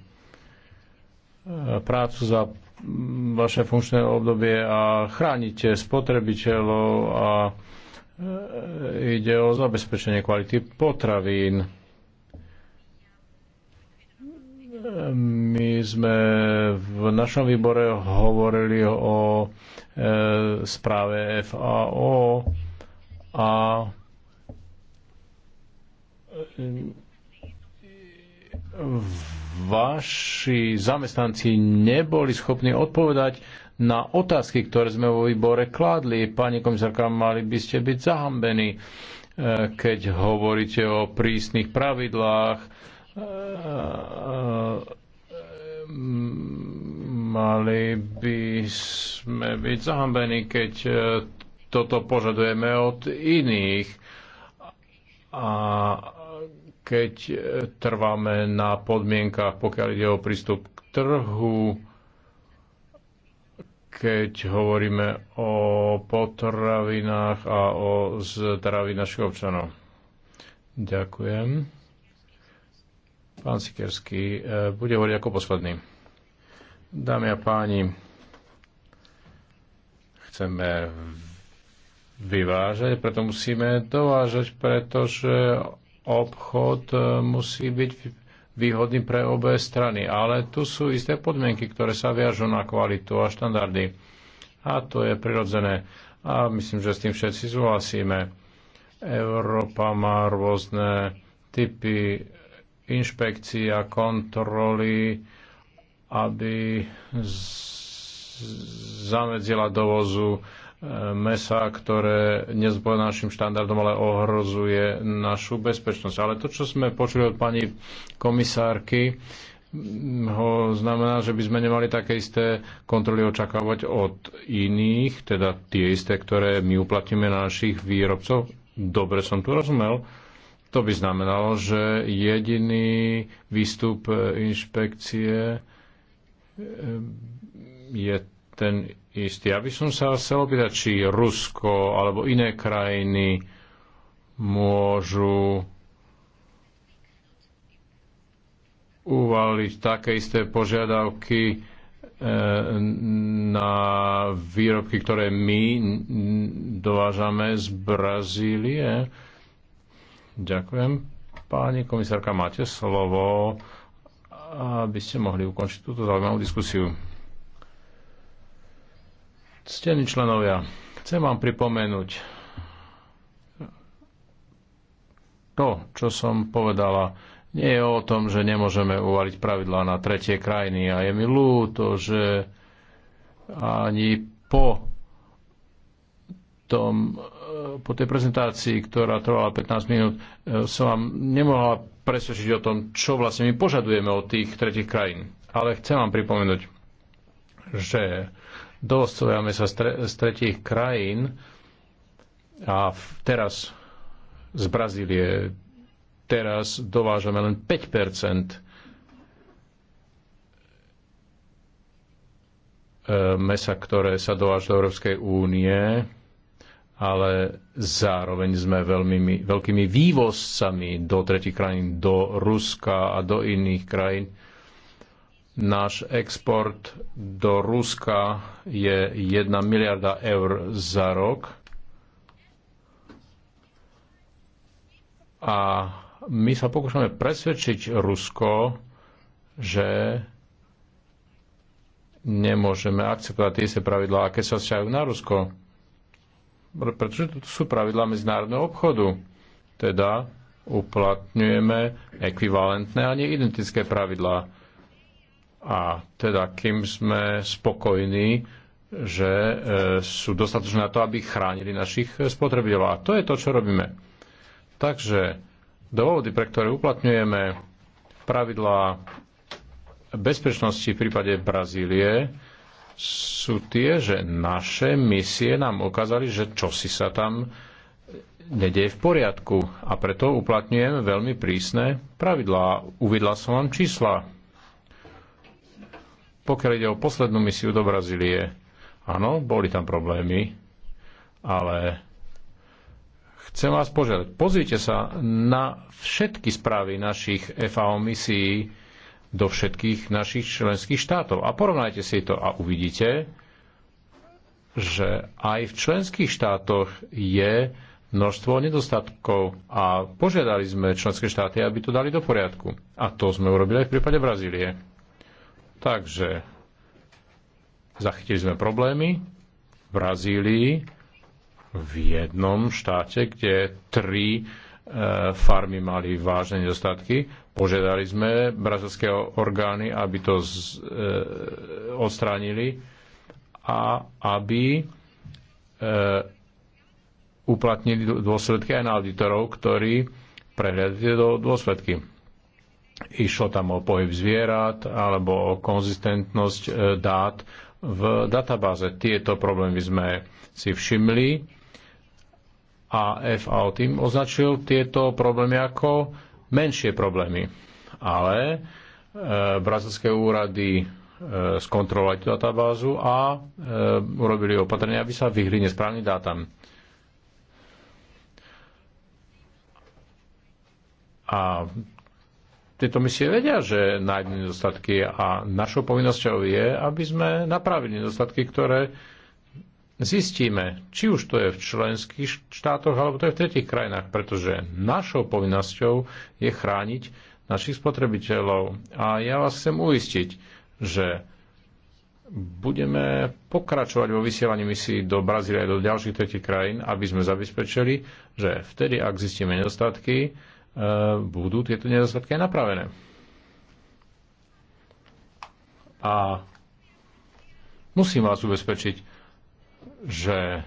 prácu za vaše funkčné obdobie a chránite spotrebiteľov a e, E, ide o zabezpečenie kvality potravín. My sme v našom výbore hovorili o e, správe FAO a e, vaši zamestnanci neboli schopní odpovedať na otázky, ktoré sme vo výbore kládli. Pani komisárka, mali by ste byť zahambení, e, keď hovoríte o prísnych pravidlách. E, e, mali by sme byť zahambení, keď toto požadujeme od iných. A keď trváme na podmienkach, pokiaľ ide o prístup k trhu, keď hovoríme o potravinách a o zdraví našich občanov. Ďakujem. Pán Sikersky eh, bude hovoriť ako posledný. Dámy a páni, chceme vyvážať, preto musíme dovážať, pretože obchod eh, musí byť výhodný pre obe strany. Ale tu sú isté podmienky, ktoré sa viažú na kvalitu a štandardy. A to je prirodzené. A myslím, že s tým všetci súhlasíme. Európa má rôzne typy inšpekcií a kontroly, aby zamedzila dovozu mesa, ktoré nezboja našim štandardom, ale ohrozuje našu bezpečnosť. Ale to, čo sme počuli od pani komisárky, ho znamená, že by sme nemali také isté kontroly očakávať od iných, teda tie isté, ktoré my uplatíme na našich výrobcov. Dobre som tu rozumel. To by znamenalo, že jediný výstup eh, inšpekcie eh, je ten istý. Aby som sa chcel opýtať, či Rusko alebo iné krajiny môžu uvaliť také isté požiadavky eh, na výrobky, ktoré my dovážame z Brazílie. Ďakujem. Pani komisárka, máte slovo, aby ste mohli ukončiť túto zaujímavú diskusiu. Ctení členovia, chcem vám pripomenúť to, čo som povedala. Nie je o tom, že nemôžeme uvaliť pravidlá na tretie krajiny a je mi ľúto, že ani po tom, po tej prezentácii, ktorá trvala 15 minút, som vám nemohla presvedčiť o tom, čo vlastne my požadujeme od tých tretich krajín. Ale chcem vám pripomenúť, že dostojame sa z tretich krajín a teraz z Brazílie, teraz dovážame len 5 e, mesa, ktoré sa dováža do Európskej únie, ale zároveň sme veľmi, veľkými vývozcami do tretich krajín, do Ruska a do iných krajín Náš export do Ruska je 1 miliarda eur za rok a my sa pokúšame presvedčiť Rusko, že nemôžeme akceptovať tie isté pravidlá, aké sa vzťahujú na Rusko. Pretože to sú pravidlá medzinárodného obchodu. Teda uplatňujeme ekvivalentné a neidentické pravidlá a teda, kým sme spokojní, že e, sú dostatočné na to, aby chránili našich spotrebiteľov. A to je to, čo robíme. Takže dôvody, pre ktoré uplatňujeme pravidlá bezpečnosti v prípade Brazílie, sú tie, že naše misie nám ukázali, že čosi sa tam nedeje v poriadku a preto uplatňujeme veľmi prísne pravidlá. Uvidla som vám čísla pokiaľ ide o poslednú misiu do Brazílie, áno, boli tam problémy, ale chcem vás požiadať, pozrite sa na všetky správy našich FAO misií do všetkých našich členských štátov a porovnajte si to a uvidíte, že aj v členských štátoch je množstvo nedostatkov a požiadali sme členské štáty, aby to dali do poriadku. A to sme urobili aj v prípade Brazílie. Takže zachytili sme problémy v Brazílii, v jednom štáte, kde tri e, farmy mali vážne nedostatky. Požiadali sme brazilské orgány, aby to z, e, odstránili a aby e, uplatnili dôsledky aj na auditorov, ktorí prehľadili do dôsledky. Išlo tam o pohyb zvierat alebo o konzistentnosť e, dát v databáze. Tieto problémy sme si všimli a FAO tým označil tieto problémy ako menšie problémy. Ale e, brazilské úrady e, skontrolovali tú databázu a e, urobili opatrenia, aby sa vyhli nesprávnym dátam. A tieto misie vedia, že nájdú nedostatky a našou povinnosťou je, aby sme napravili nedostatky, ktoré zistíme, či už to je v členských štátoch alebo to je v tretich krajinách, pretože našou povinnosťou je chrániť našich spotrebiteľov. A ja vás chcem uistiť, že budeme pokračovať vo vysielaní misií do Brazílie a do ďalších tretich krajín, aby sme zabezpečili, že vtedy, ak zistíme nedostatky, Eh, budú tieto nedostatky napravené. A musím vás ubezpečiť, že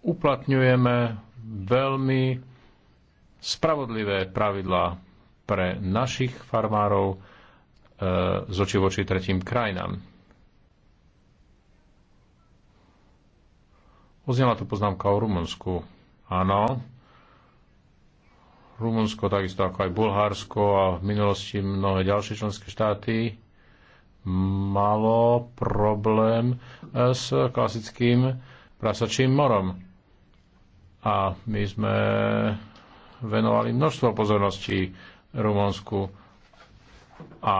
uplatňujeme veľmi spravodlivé pravidlá pre našich farmárov e, z oči voči tretím krajinám. Oznela tu poznámka o Rumunsku. Áno, Rumunsko, takisto ako aj Bulharsko a v minulosti mnohé ďalšie členské štáty malo problém e, s klasickým prasačím morom. A my sme venovali množstvo pozornosti Rumunsku. A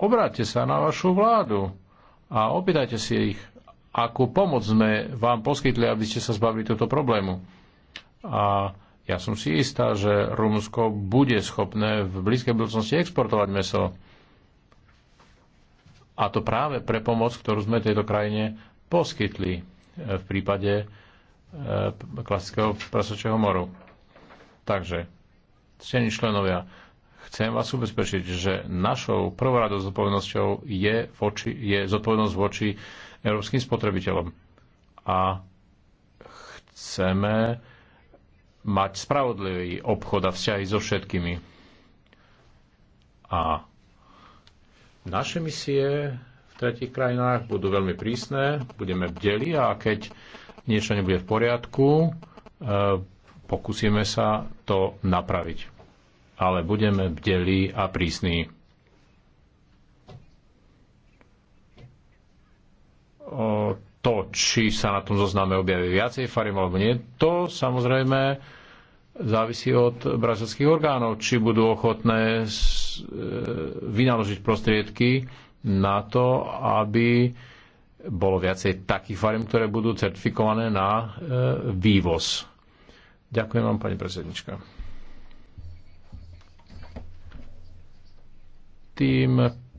obráťte sa na vašu vládu a opýtajte si ich, akú pomoc sme vám poskytli, aby ste sa zbavili tohto problému. A ja som si istá, že Rumunsko bude schopné v blízkej budúcnosti exportovať meso. A to práve pre pomoc, ktorú sme tejto krajine poskytli e, v prípade e, klasického prasačieho moru. Takže, ctení členovia, chcem vás ubezpečiť, že našou prvoradou zodpovednosťou je, voči, je zodpovednosť voči európskym spotrebiteľom. A chceme mať spravodlivý obchod a vzťahy so všetkými. A naše misie v tretich krajinách budú veľmi prísne, budeme bdeli a keď niečo nebude v poriadku, e, pokúsime sa to napraviť. Ale budeme bdeli a prísni. O to, či sa na tom zozname objaví viacej farieb alebo nie, to samozrejme závisí od brazilských orgánov, či budú ochotné e, vynaložiť prostriedky na to, aby bolo viacej takých fariem, ktoré budú certifikované na e, vývoz. Ďakujem vám, pani predsednička. Tým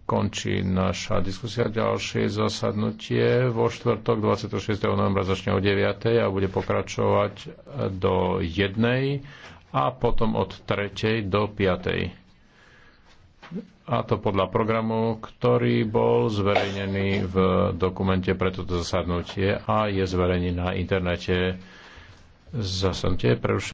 končí naša diskusia. Ďalšie zasadnutie vo štvrtok 26. novembra začne o 9. a bude pokračovať do 1. a potom od 3. do 5. A to podľa programu, ktorý bol zverejnený v dokumente pre toto zasadnutie a je zverejnený na internete. Zasadnutie je prerušené.